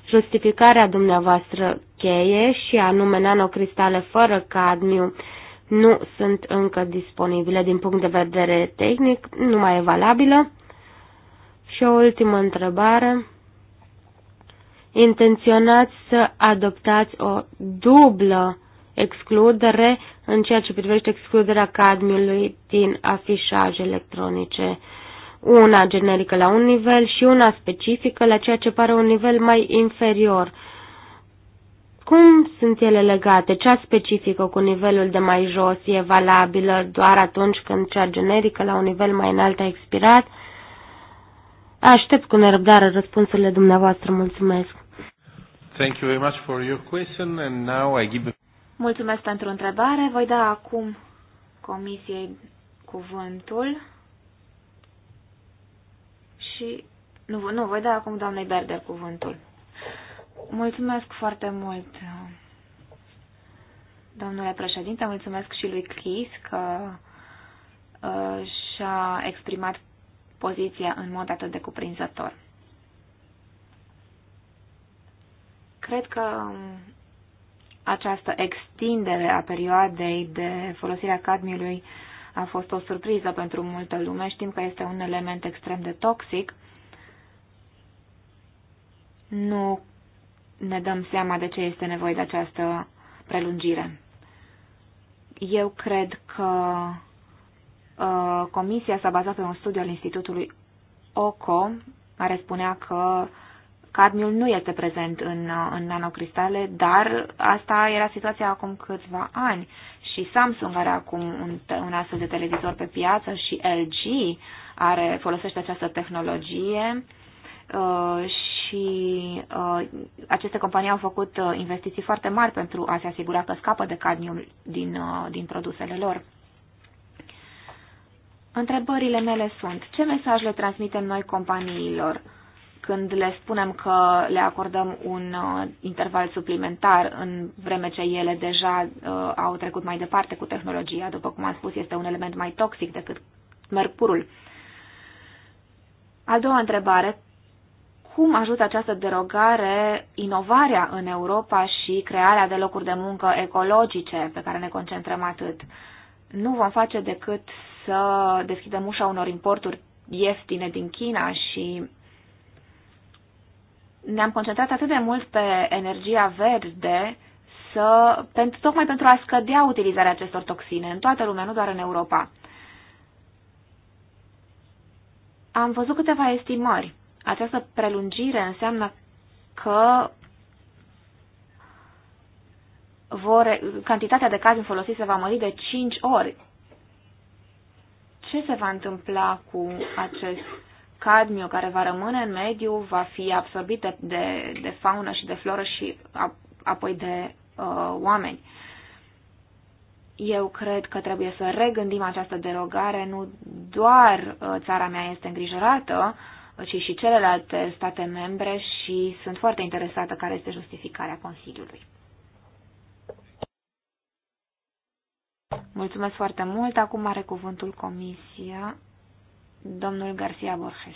justificarea dumneavoastră cheie și anume nanocristale fără cadmiu nu sunt încă disponibile din punct de vedere tehnic, nu mai e valabilă? Și o ultimă întrebare. Intenționați să adoptați o dublă excludere în ceea ce privește excluderea cadmiului din afișaje electronice. Una generică la un nivel și una specifică la ceea ce pare un nivel mai inferior. Cum sunt ele legate? Cea specifică cu nivelul de mai jos e valabilă doar atunci când cea generică la un nivel mai înalt a expirat? Aștept cu nerăbdare răspunsurile dumneavoastră. Mulțumesc. Thank you very much for your question and now I give Mulțumesc pentru întrebare. Voi da acum comisiei cuvântul și nu, nu, voi da acum doamnei Berder cuvântul. Mulțumesc foarte mult, domnule președinte, mulțumesc și lui Chris că uh, și-a exprimat poziția în mod atât de cuprinzător. Cred că această extindere a perioadei de folosire a cadmiului a fost o surpriză pentru multă lume. Știm că este un element extrem de toxic. Nu ne dăm seama de ce este nevoie de această prelungire. Eu cred că Uh, comisia s-a bazat pe un studiu al Institutului OCO, care spunea că cadmiul nu este prezent în, uh, în nanocristale, dar asta era situația acum câțiva ani. Și Samsung are acum un, un astfel de televizor pe piață și LG are, folosește această tehnologie uh, și uh, aceste companii au făcut uh, investiții foarte mari pentru a se asigura că scapă de cadmiul din, uh, din produsele lor. Întrebările mele sunt, ce mesaj le transmitem noi companiilor când le spunem că le acordăm un uh, interval suplimentar în vreme ce ele deja uh, au trecut mai departe cu tehnologia, după cum am spus, este un element mai toxic decât mercurul. A doua întrebare, cum ajută această derogare inovarea în Europa și crearea de locuri de muncă ecologice pe care ne concentrăm atât? Nu vom face decât să deschidem ușa unor importuri ieftine din China și ne-am concentrat atât de mult pe energia verde să, pentru, tocmai pentru a scădea utilizarea acestor toxine în toată lumea, nu doar în Europa. Am văzut câteva estimări. Această prelungire înseamnă că vor, cantitatea de cazuri folosit se va mări de 5 ori ce se va întâmpla cu acest cadmiu care va rămâne în mediu, va fi absorbit de, de, de faună și de floră și apoi de uh, oameni. Eu cred că trebuie să regândim această derogare. Nu doar uh, țara mea este îngrijorată, uh, ci și celelalte state membre și sunt foarte interesată care este justificarea Consiliului. Mulțumesc foarte mult. Acum are cuvântul comisia domnul Garcia Borges.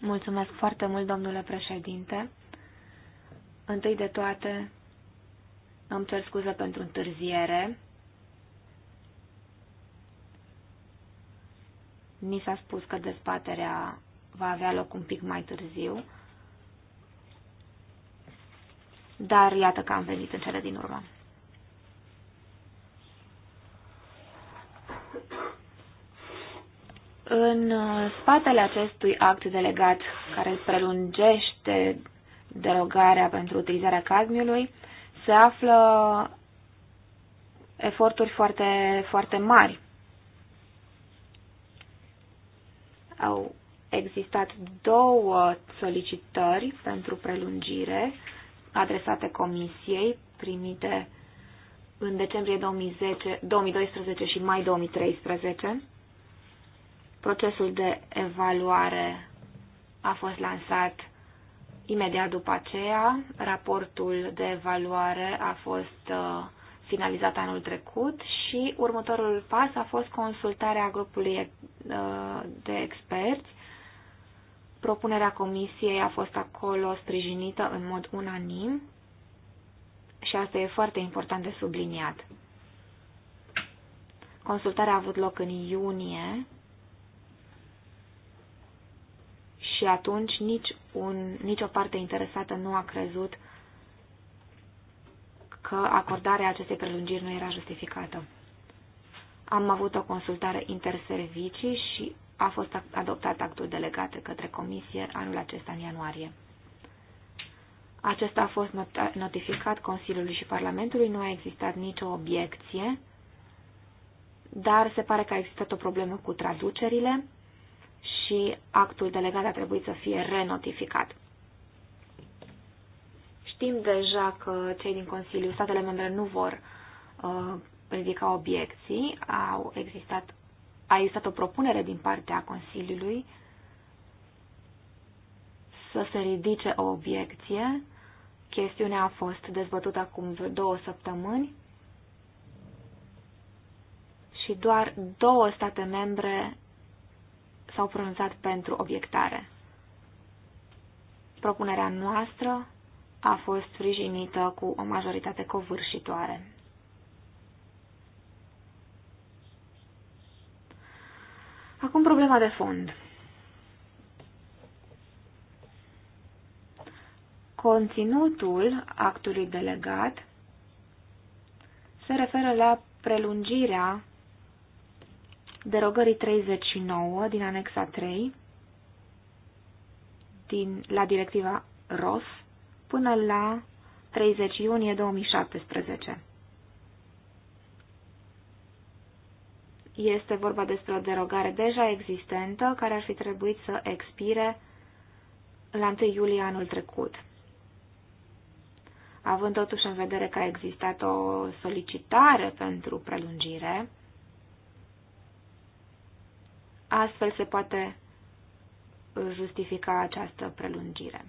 Mulțumesc foarte mult, domnule președinte. Întâi de toate, îmi cer scuze pentru întârziere. Mi s-a spus că dezbaterea va avea loc un pic mai târziu dar iată că am venit în cele din urmă. În uh, spatele acestui act delegat care prelungește derogarea pentru utilizarea cadmiului se află eforturi foarte, foarte mari. Au existat două solicitări pentru prelungire adresate Comisiei, primite în decembrie 2010, 2012 și mai 2013. Procesul de evaluare a fost lansat imediat după aceea. Raportul de evaluare a fost uh, finalizat anul trecut și următorul pas a fost consultarea grupului uh, de experți Propunerea comisiei a fost acolo sprijinită în mod unanim și asta e foarte important de subliniat. Consultarea a avut loc în iunie și atunci nici, un, nici o parte interesată nu a crezut că acordarea acestei prelungiri nu era justificată. Am avut o consultare interservicii și a fost adoptat actul delegat către Comisie anul acesta în ianuarie. Acesta a fost notificat Consiliului și Parlamentului, nu a existat nicio obiecție, dar se pare că a existat o problemă cu traducerile și actul delegat a trebuit să fie renotificat. Știm deja că cei din Consiliu, statele membre nu vor uh, ridica obiecții, au existat a existat o propunere din partea Consiliului să se ridice o obiecție. Chestiunea a fost dezbătută acum două săptămâni și doar două state membre s-au pronunțat pentru obiectare. Propunerea noastră a fost sprijinită cu o majoritate covârșitoare. Acum problema de fond. Conținutul actului delegat se referă la prelungirea derogării 39 din anexa 3 din, la directiva ROS până la 30 iunie 2017. este vorba despre o derogare deja existentă care ar fi trebuit să expire la 1 iulie anul trecut. Având totuși în vedere că a existat o solicitare pentru prelungire, astfel se poate justifica această prelungire.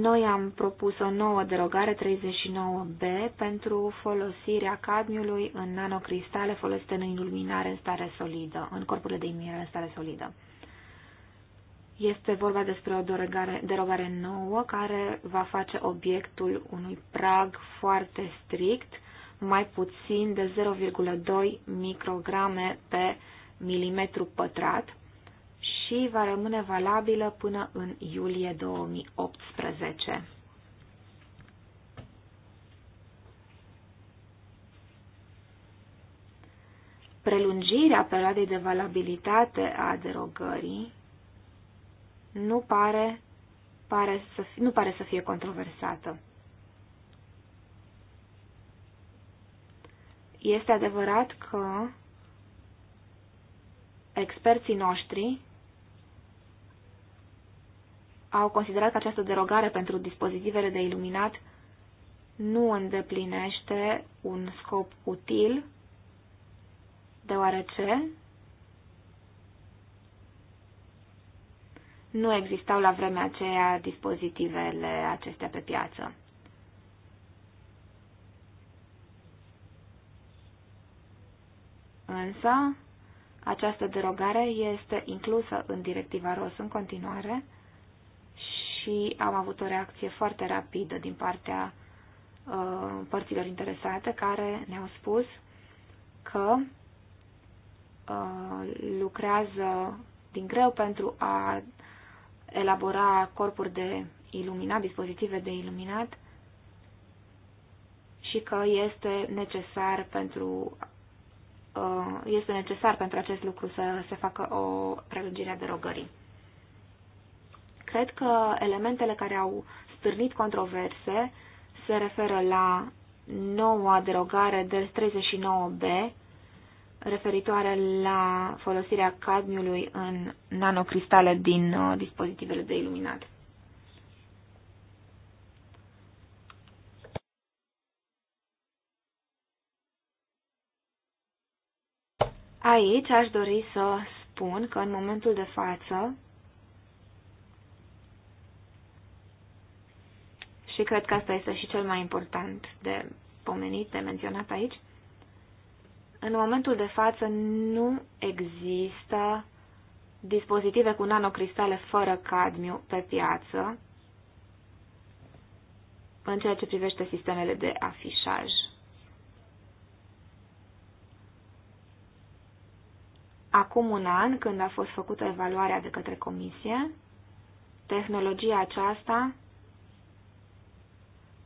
Noi am propus o nouă derogare 39B pentru folosirea cadmiului în nanocristale folosite în iluminare în stare solidă, în corpurile de iluminare în stare solidă. Este vorba despre o derogare, derogare nouă care va face obiectul unui prag foarte strict, mai puțin de 0,2 micrograme pe milimetru pătrat, și va rămâne valabilă până în iulie 2018. Prelungirea perioadei de valabilitate a derogării nu pare, pare să, nu pare să fie controversată. Este adevărat că experții noștri au considerat că această derogare pentru dispozitivele de iluminat nu îndeplinește un scop util, deoarece nu existau la vremea aceea dispozitivele acestea pe piață. Însă, această derogare este inclusă în directiva ROS în continuare, și am avut o reacție foarte rapidă din partea uh, părților interesate care ne-au spus că uh, lucrează din greu pentru a elabora corpuri de iluminat, dispozitive de iluminat și că este necesar pentru uh, este necesar pentru acest lucru să se facă o prelungire a derogării. Cred că elementele care au stârnit controverse se referă la noua derogare de 39B referitoare la folosirea cadmiului în nanocristale din uh, dispozitivele de iluminat. Aici aș dori să spun că în momentul de față Și cred că asta este și cel mai important de pomenit, de menționat aici. În momentul de față nu există dispozitive cu nanocristale fără cadmiu pe piață în ceea ce privește sistemele de afișaj. Acum un an, când a fost făcută evaluarea de către comisie, tehnologia aceasta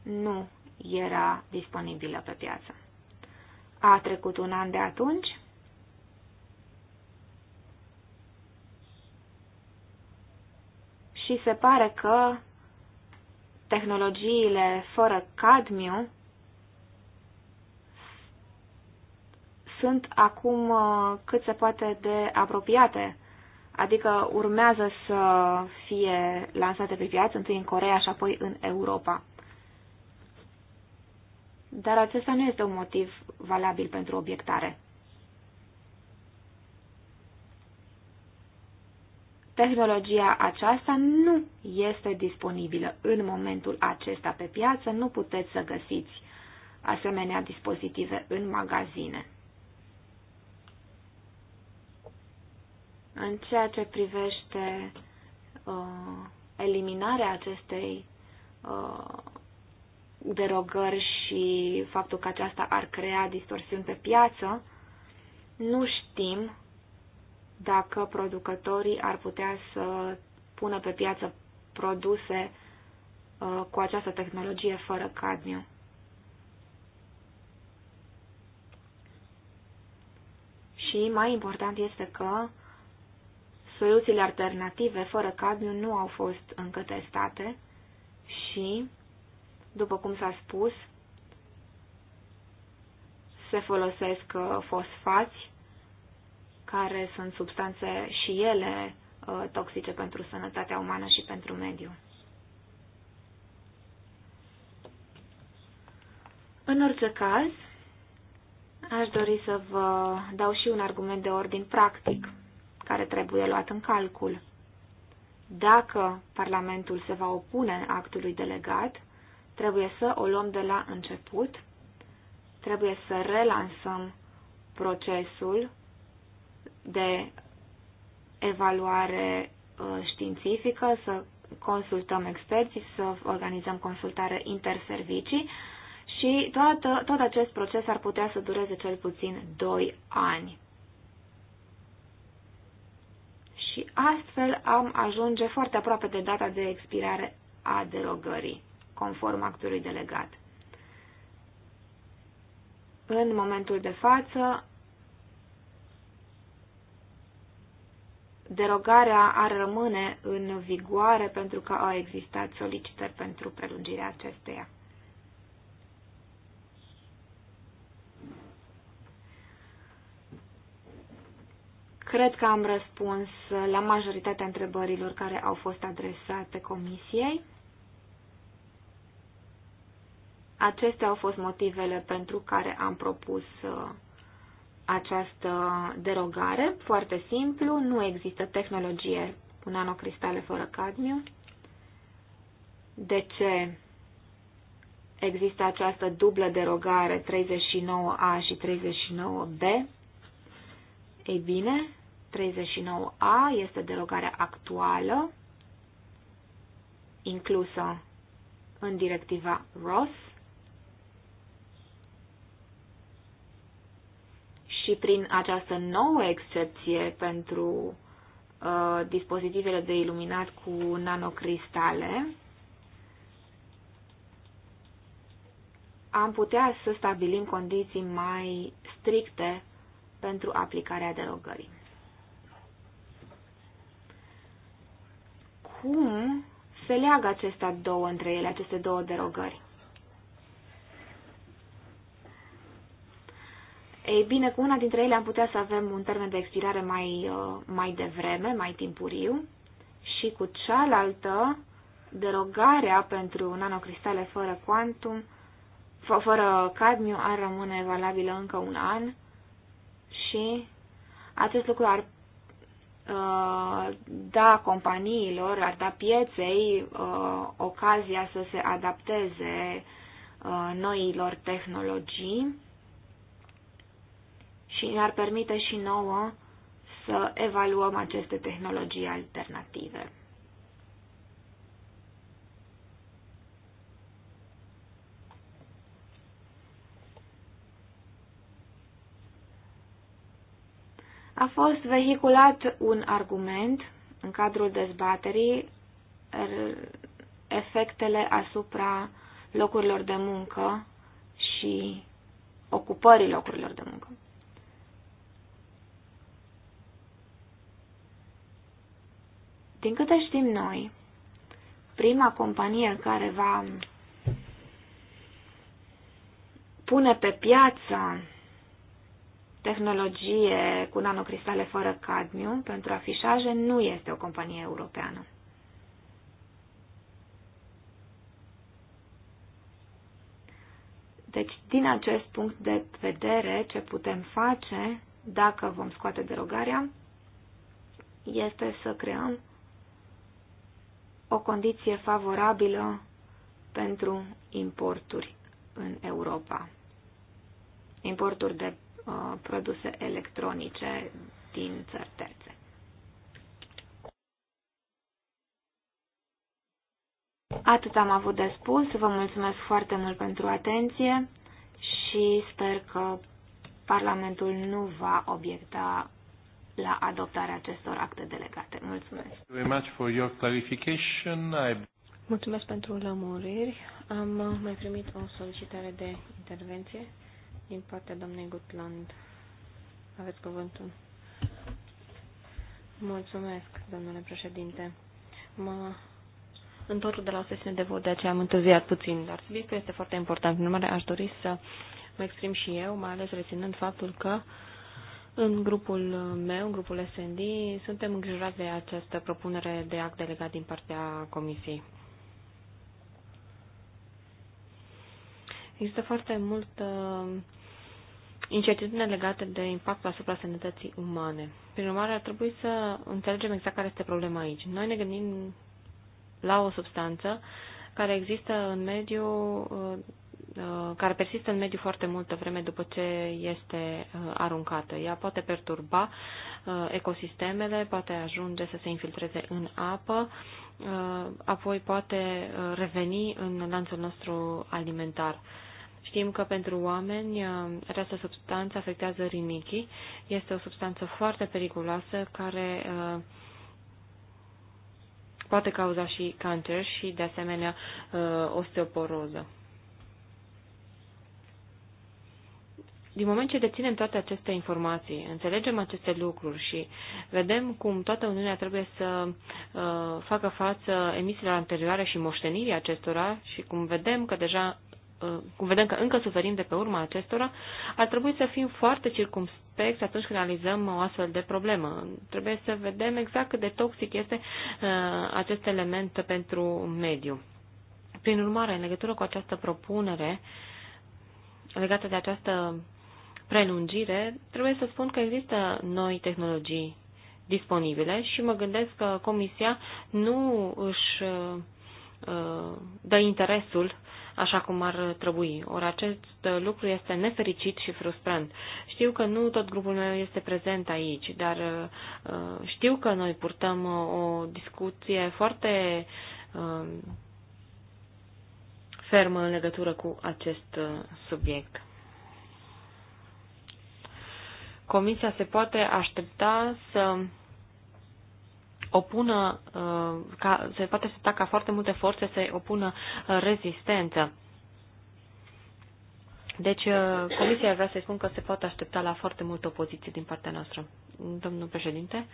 nu era disponibilă pe piață. A trecut un an de atunci. Și se pare că tehnologiile fără cadmiu sunt acum uh, cât se poate de apropiate, adică urmează să fie lansate pe piață, întâi în Corea și apoi în Europa dar acesta nu este un motiv valabil pentru obiectare. Tehnologia aceasta nu este disponibilă în momentul acesta pe piață, nu puteți să găsiți asemenea dispozitive în magazine. În ceea ce privește uh, eliminarea acestei uh, derogări și faptul că aceasta ar crea distorsiuni pe piață, nu știm dacă producătorii ar putea să pună pe piață produse uh, cu această tehnologie fără cadmiu. Și mai important este că soluțiile alternative fără cadmiu nu au fost încă testate și după cum s-a spus, se folosesc uh, fosfați, care sunt substanțe și ele uh, toxice pentru sănătatea umană și pentru mediu. În orice caz, aș dori să vă dau și un argument de ordin practic care trebuie luat în calcul. Dacă Parlamentul se va opune actului delegat, Trebuie să o luăm de la început, trebuie să relansăm procesul de evaluare uh, științifică, să consultăm experți, să organizăm consultare interservicii și toată, tot acest proces ar putea să dureze cel puțin 2 ani. Și astfel am ajunge foarte aproape de data de expirare a derogării conform actului delegat. În momentul de față, derogarea ar rămâne în vigoare pentru că au existat solicitări pentru prelungirea acesteia. Cred că am răspuns la majoritatea întrebărilor care au fost adresate comisiei. Acestea au fost motivele pentru care am propus uh, această derogare. Foarte simplu, nu există tehnologie cu nanocristale fără cadmiu. De ce există această dublă derogare 39A și 39B? Ei bine, 39A este derogarea actuală inclusă în directiva ROS și prin această nouă excepție pentru uh, dispozitivele de iluminat cu nanocristale, am putea să stabilim condiții mai stricte pentru aplicarea derogării. Cum se leagă acestea două între ele, aceste două derogări? Ei bine, cu una dintre ele am putea să avem un termen de expirare mai, uh, mai devreme, mai timpuriu, și cu cealaltă, derogarea pentru nanocristale fără quantum, fără cadmiu, ar rămâne valabilă încă un an și acest lucru ar uh, da companiilor, ar da pieței uh, ocazia să se adapteze noilor tehnologii și ne-ar permite și nouă să evaluăm aceste tehnologii alternative. A fost vehiculat un argument în cadrul dezbaterii efectele asupra locurilor de muncă și ocupării locurilor de muncă. Din câte știm noi, prima companie care va pune pe piață tehnologie cu nanocristale fără cadmiu pentru afișaje nu este o companie europeană. Deci, din acest punct de vedere, ce putem face, dacă vom scoate derogarea, este să creăm o condiție favorabilă pentru importuri în Europa. Importuri de uh, produse electronice din țări terțe. Atât am avut de spus, vă mulțumesc foarte mult pentru atenție și sper că Parlamentul nu va obiecta la adoptarea acestor acte delegate. Mulțumesc. Mulțumesc pentru lămuriri. Am mai primit o solicitare de intervenție din partea doamnei Gutland. Aveți cuvântul. Mulțumesc, domnule președinte. Mă întorc de la o sesiune de vot, de aceea am întârziat puțin, dar subiectul este foarte important. În urmare, aș dori să mă exprim și eu, mai ales reținând faptul că în grupul meu, în grupul SND, suntem îngrijorați de această propunere de act delegat din partea Comisiei. Există foarte multă incertitudine legată de impactul asupra sănătății umane. Prin urmare, ar trebui să înțelegem exact care este problema aici. Noi ne gândim la o substanță care există în mediu Uh, care persistă în mediu foarte multă vreme după ce este uh, aruncată. Ea poate perturba uh, ecosistemele, poate ajunge să se infiltreze în apă, apoi poate reveni în lanțul nostru alimentar. Știm că pentru oameni această substanță afectează rinichii. Este o substanță foarte periculoasă care poate cauza și cancer și, de asemenea, osteoporoză. din moment ce deținem toate aceste informații, înțelegem aceste lucruri și vedem cum toată Uniunea trebuie să uh, facă față emisiilor anterioare și moștenirii acestora și cum vedem că deja uh, cum vedem că încă suferim de pe urma acestora, ar trebui să fim foarte circumspecți atunci când analizăm o astfel de problemă. Trebuie să vedem exact cât de toxic este uh, acest element pentru mediu. Prin urmare, în legătură cu această propunere legată de această prelungire, trebuie să spun că există noi tehnologii disponibile și mă gândesc că Comisia nu își uh, dă interesul așa cum ar trebui. Ori acest lucru este nefericit și frustrant. Știu că nu tot grupul meu este prezent aici, dar uh, știu că noi purtăm o discuție foarte uh, fermă în legătură cu acest subiect. Comisia se poate aștepta să opună, uh, ca, se poate aștepta ca foarte multe forțe să opună uh, rezistență. Deci, uh, Comisia vrea să-i spun că se poate aștepta la foarte multă opoziție din partea noastră. Domnul președinte,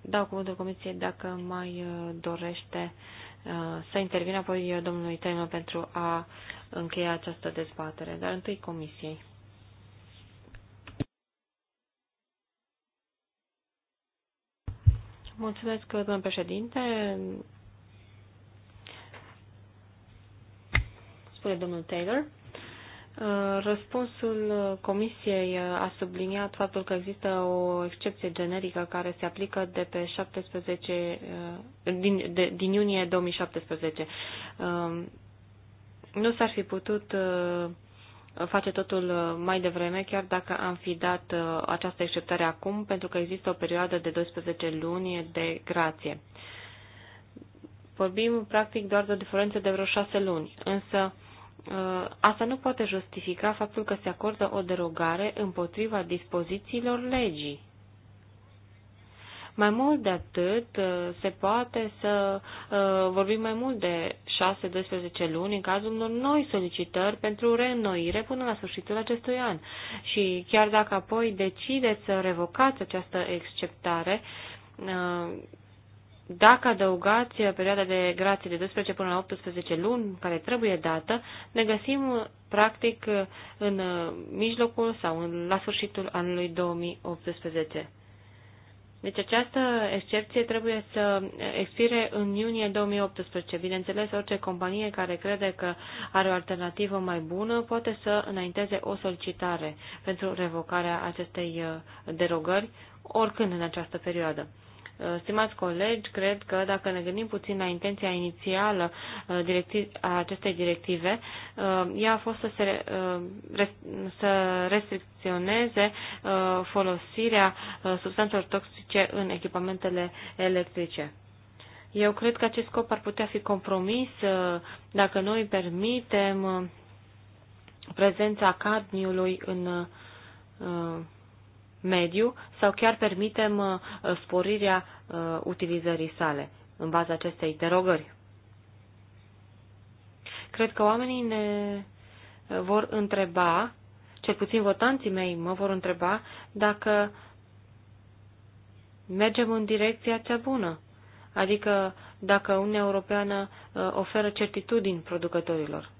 dau cuvântul Comisiei dacă mai dorește să intervină apoi domnului Tenor pentru a încheia această dezbatere, dar întâi Comisiei. Mulțumesc, domnul președinte. Spune domnul Taylor. Uh, răspunsul Comisiei a subliniat faptul că există o excepție generică care se aplică de pe 17, uh, din, de, din iunie 2017. Uh, nu s-ar fi putut face totul uh, mai devreme, chiar dacă am fi dat uh, această exceptare acum, pentru că există o perioadă de 12 luni de grație. Vorbim practic doar de o diferență de vreo 6 luni, însă uh, asta nu poate justifica faptul că se acordă o derogare împotriva dispozițiilor legii. Mai mult de atât, uh, se poate să uh, vorbim mai mult de 6-12 luni în cazul unor noi solicitări pentru reînnoire până la sfârșitul acestui an. Și chiar dacă apoi decideți să revocați această exceptare, uh, dacă adăugați perioada de grație de 12 până la 18 luni, care trebuie dată, ne găsim practic în mijlocul sau la sfârșitul anului 2018. Deci această excepție trebuie să expire în iunie 2018. Bineînțeles, orice companie care crede că are o alternativă mai bună poate să înainteze o solicitare pentru revocarea acestei uh, derogări oricând în această perioadă. Uh, stimați colegi, cred că dacă ne gândim puțin la intenția inițială uh, a acestei directive, uh, ea a fost să, se, să restricționeze folosirea substanțelor toxice în echipamentele electrice. Eu cred că acest scop ar putea fi compromis dacă noi permitem prezența cadmiului în mediu sau chiar permitem uh, sporirea uh, utilizării sale în baza acestei derogări. Cred că oamenii ne uh, vor întreba, cel puțin votanții mei mă vor întreba, dacă mergem în direcția cea bună, adică dacă Uniunea Europeană oferă certitudini producătorilor.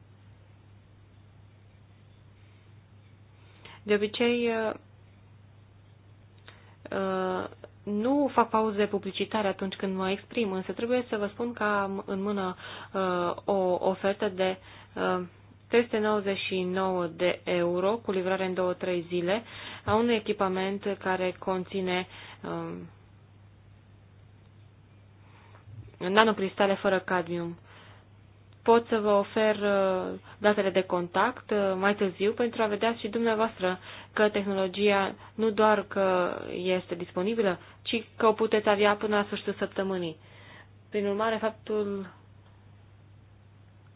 De obicei, Uh, nu fac pauze publicitare atunci când mă exprim, însă trebuie să vă spun că am în mână uh, o ofertă de 399 uh, de euro cu livrare în 2-3 zile a unui echipament care conține nanocristale fără cadmium pot să vă ofer uh, datele de contact uh, mai târziu pentru a vedea și dumneavoastră că tehnologia nu doar că este disponibilă, ci că o puteți avea până la sfârșitul săptămânii. Prin urmare, faptul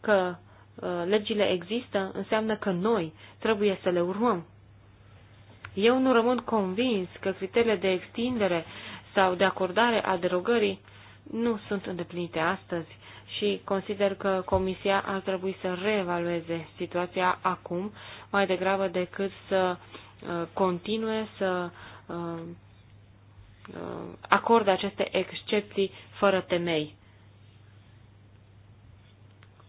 că uh, legile există înseamnă că noi trebuie să le urmăm. Eu nu rămân convins că criteriile de extindere sau de acordare a derogării nu sunt îndeplinite astăzi și consider că Comisia ar trebui să reevalueze situația acum, mai degrabă decât să uh, continue să uh, uh, acorde aceste excepții fără temei.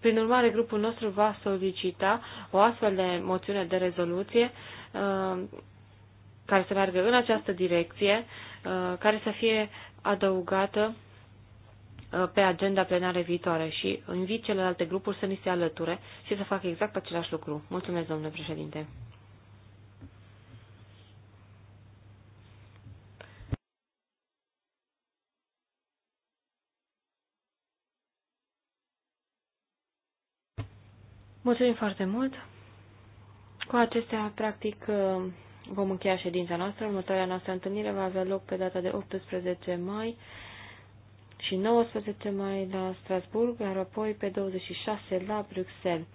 Prin urmare, grupul nostru va solicita o astfel de moțiune de rezoluție care să meargă în această direcție, care să fie adăugată Uh, pe agenda plenare viitoare și invit celelalte grupuri să ni se alăture și să facă exact același lucru. Mulțumesc, domnule președinte. Mulțumim foarte mult. Cu acestea, practic, uh, vom încheia ședința noastră. Următoarea noastră întâlnire va avea loc pe data de 18 mai și 19 mai la Strasburg, iar apoi pe 26 la Bruxelles.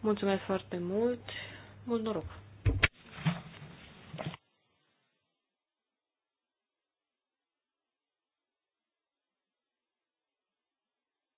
Mulțumesc foarte mult! Mult noroc!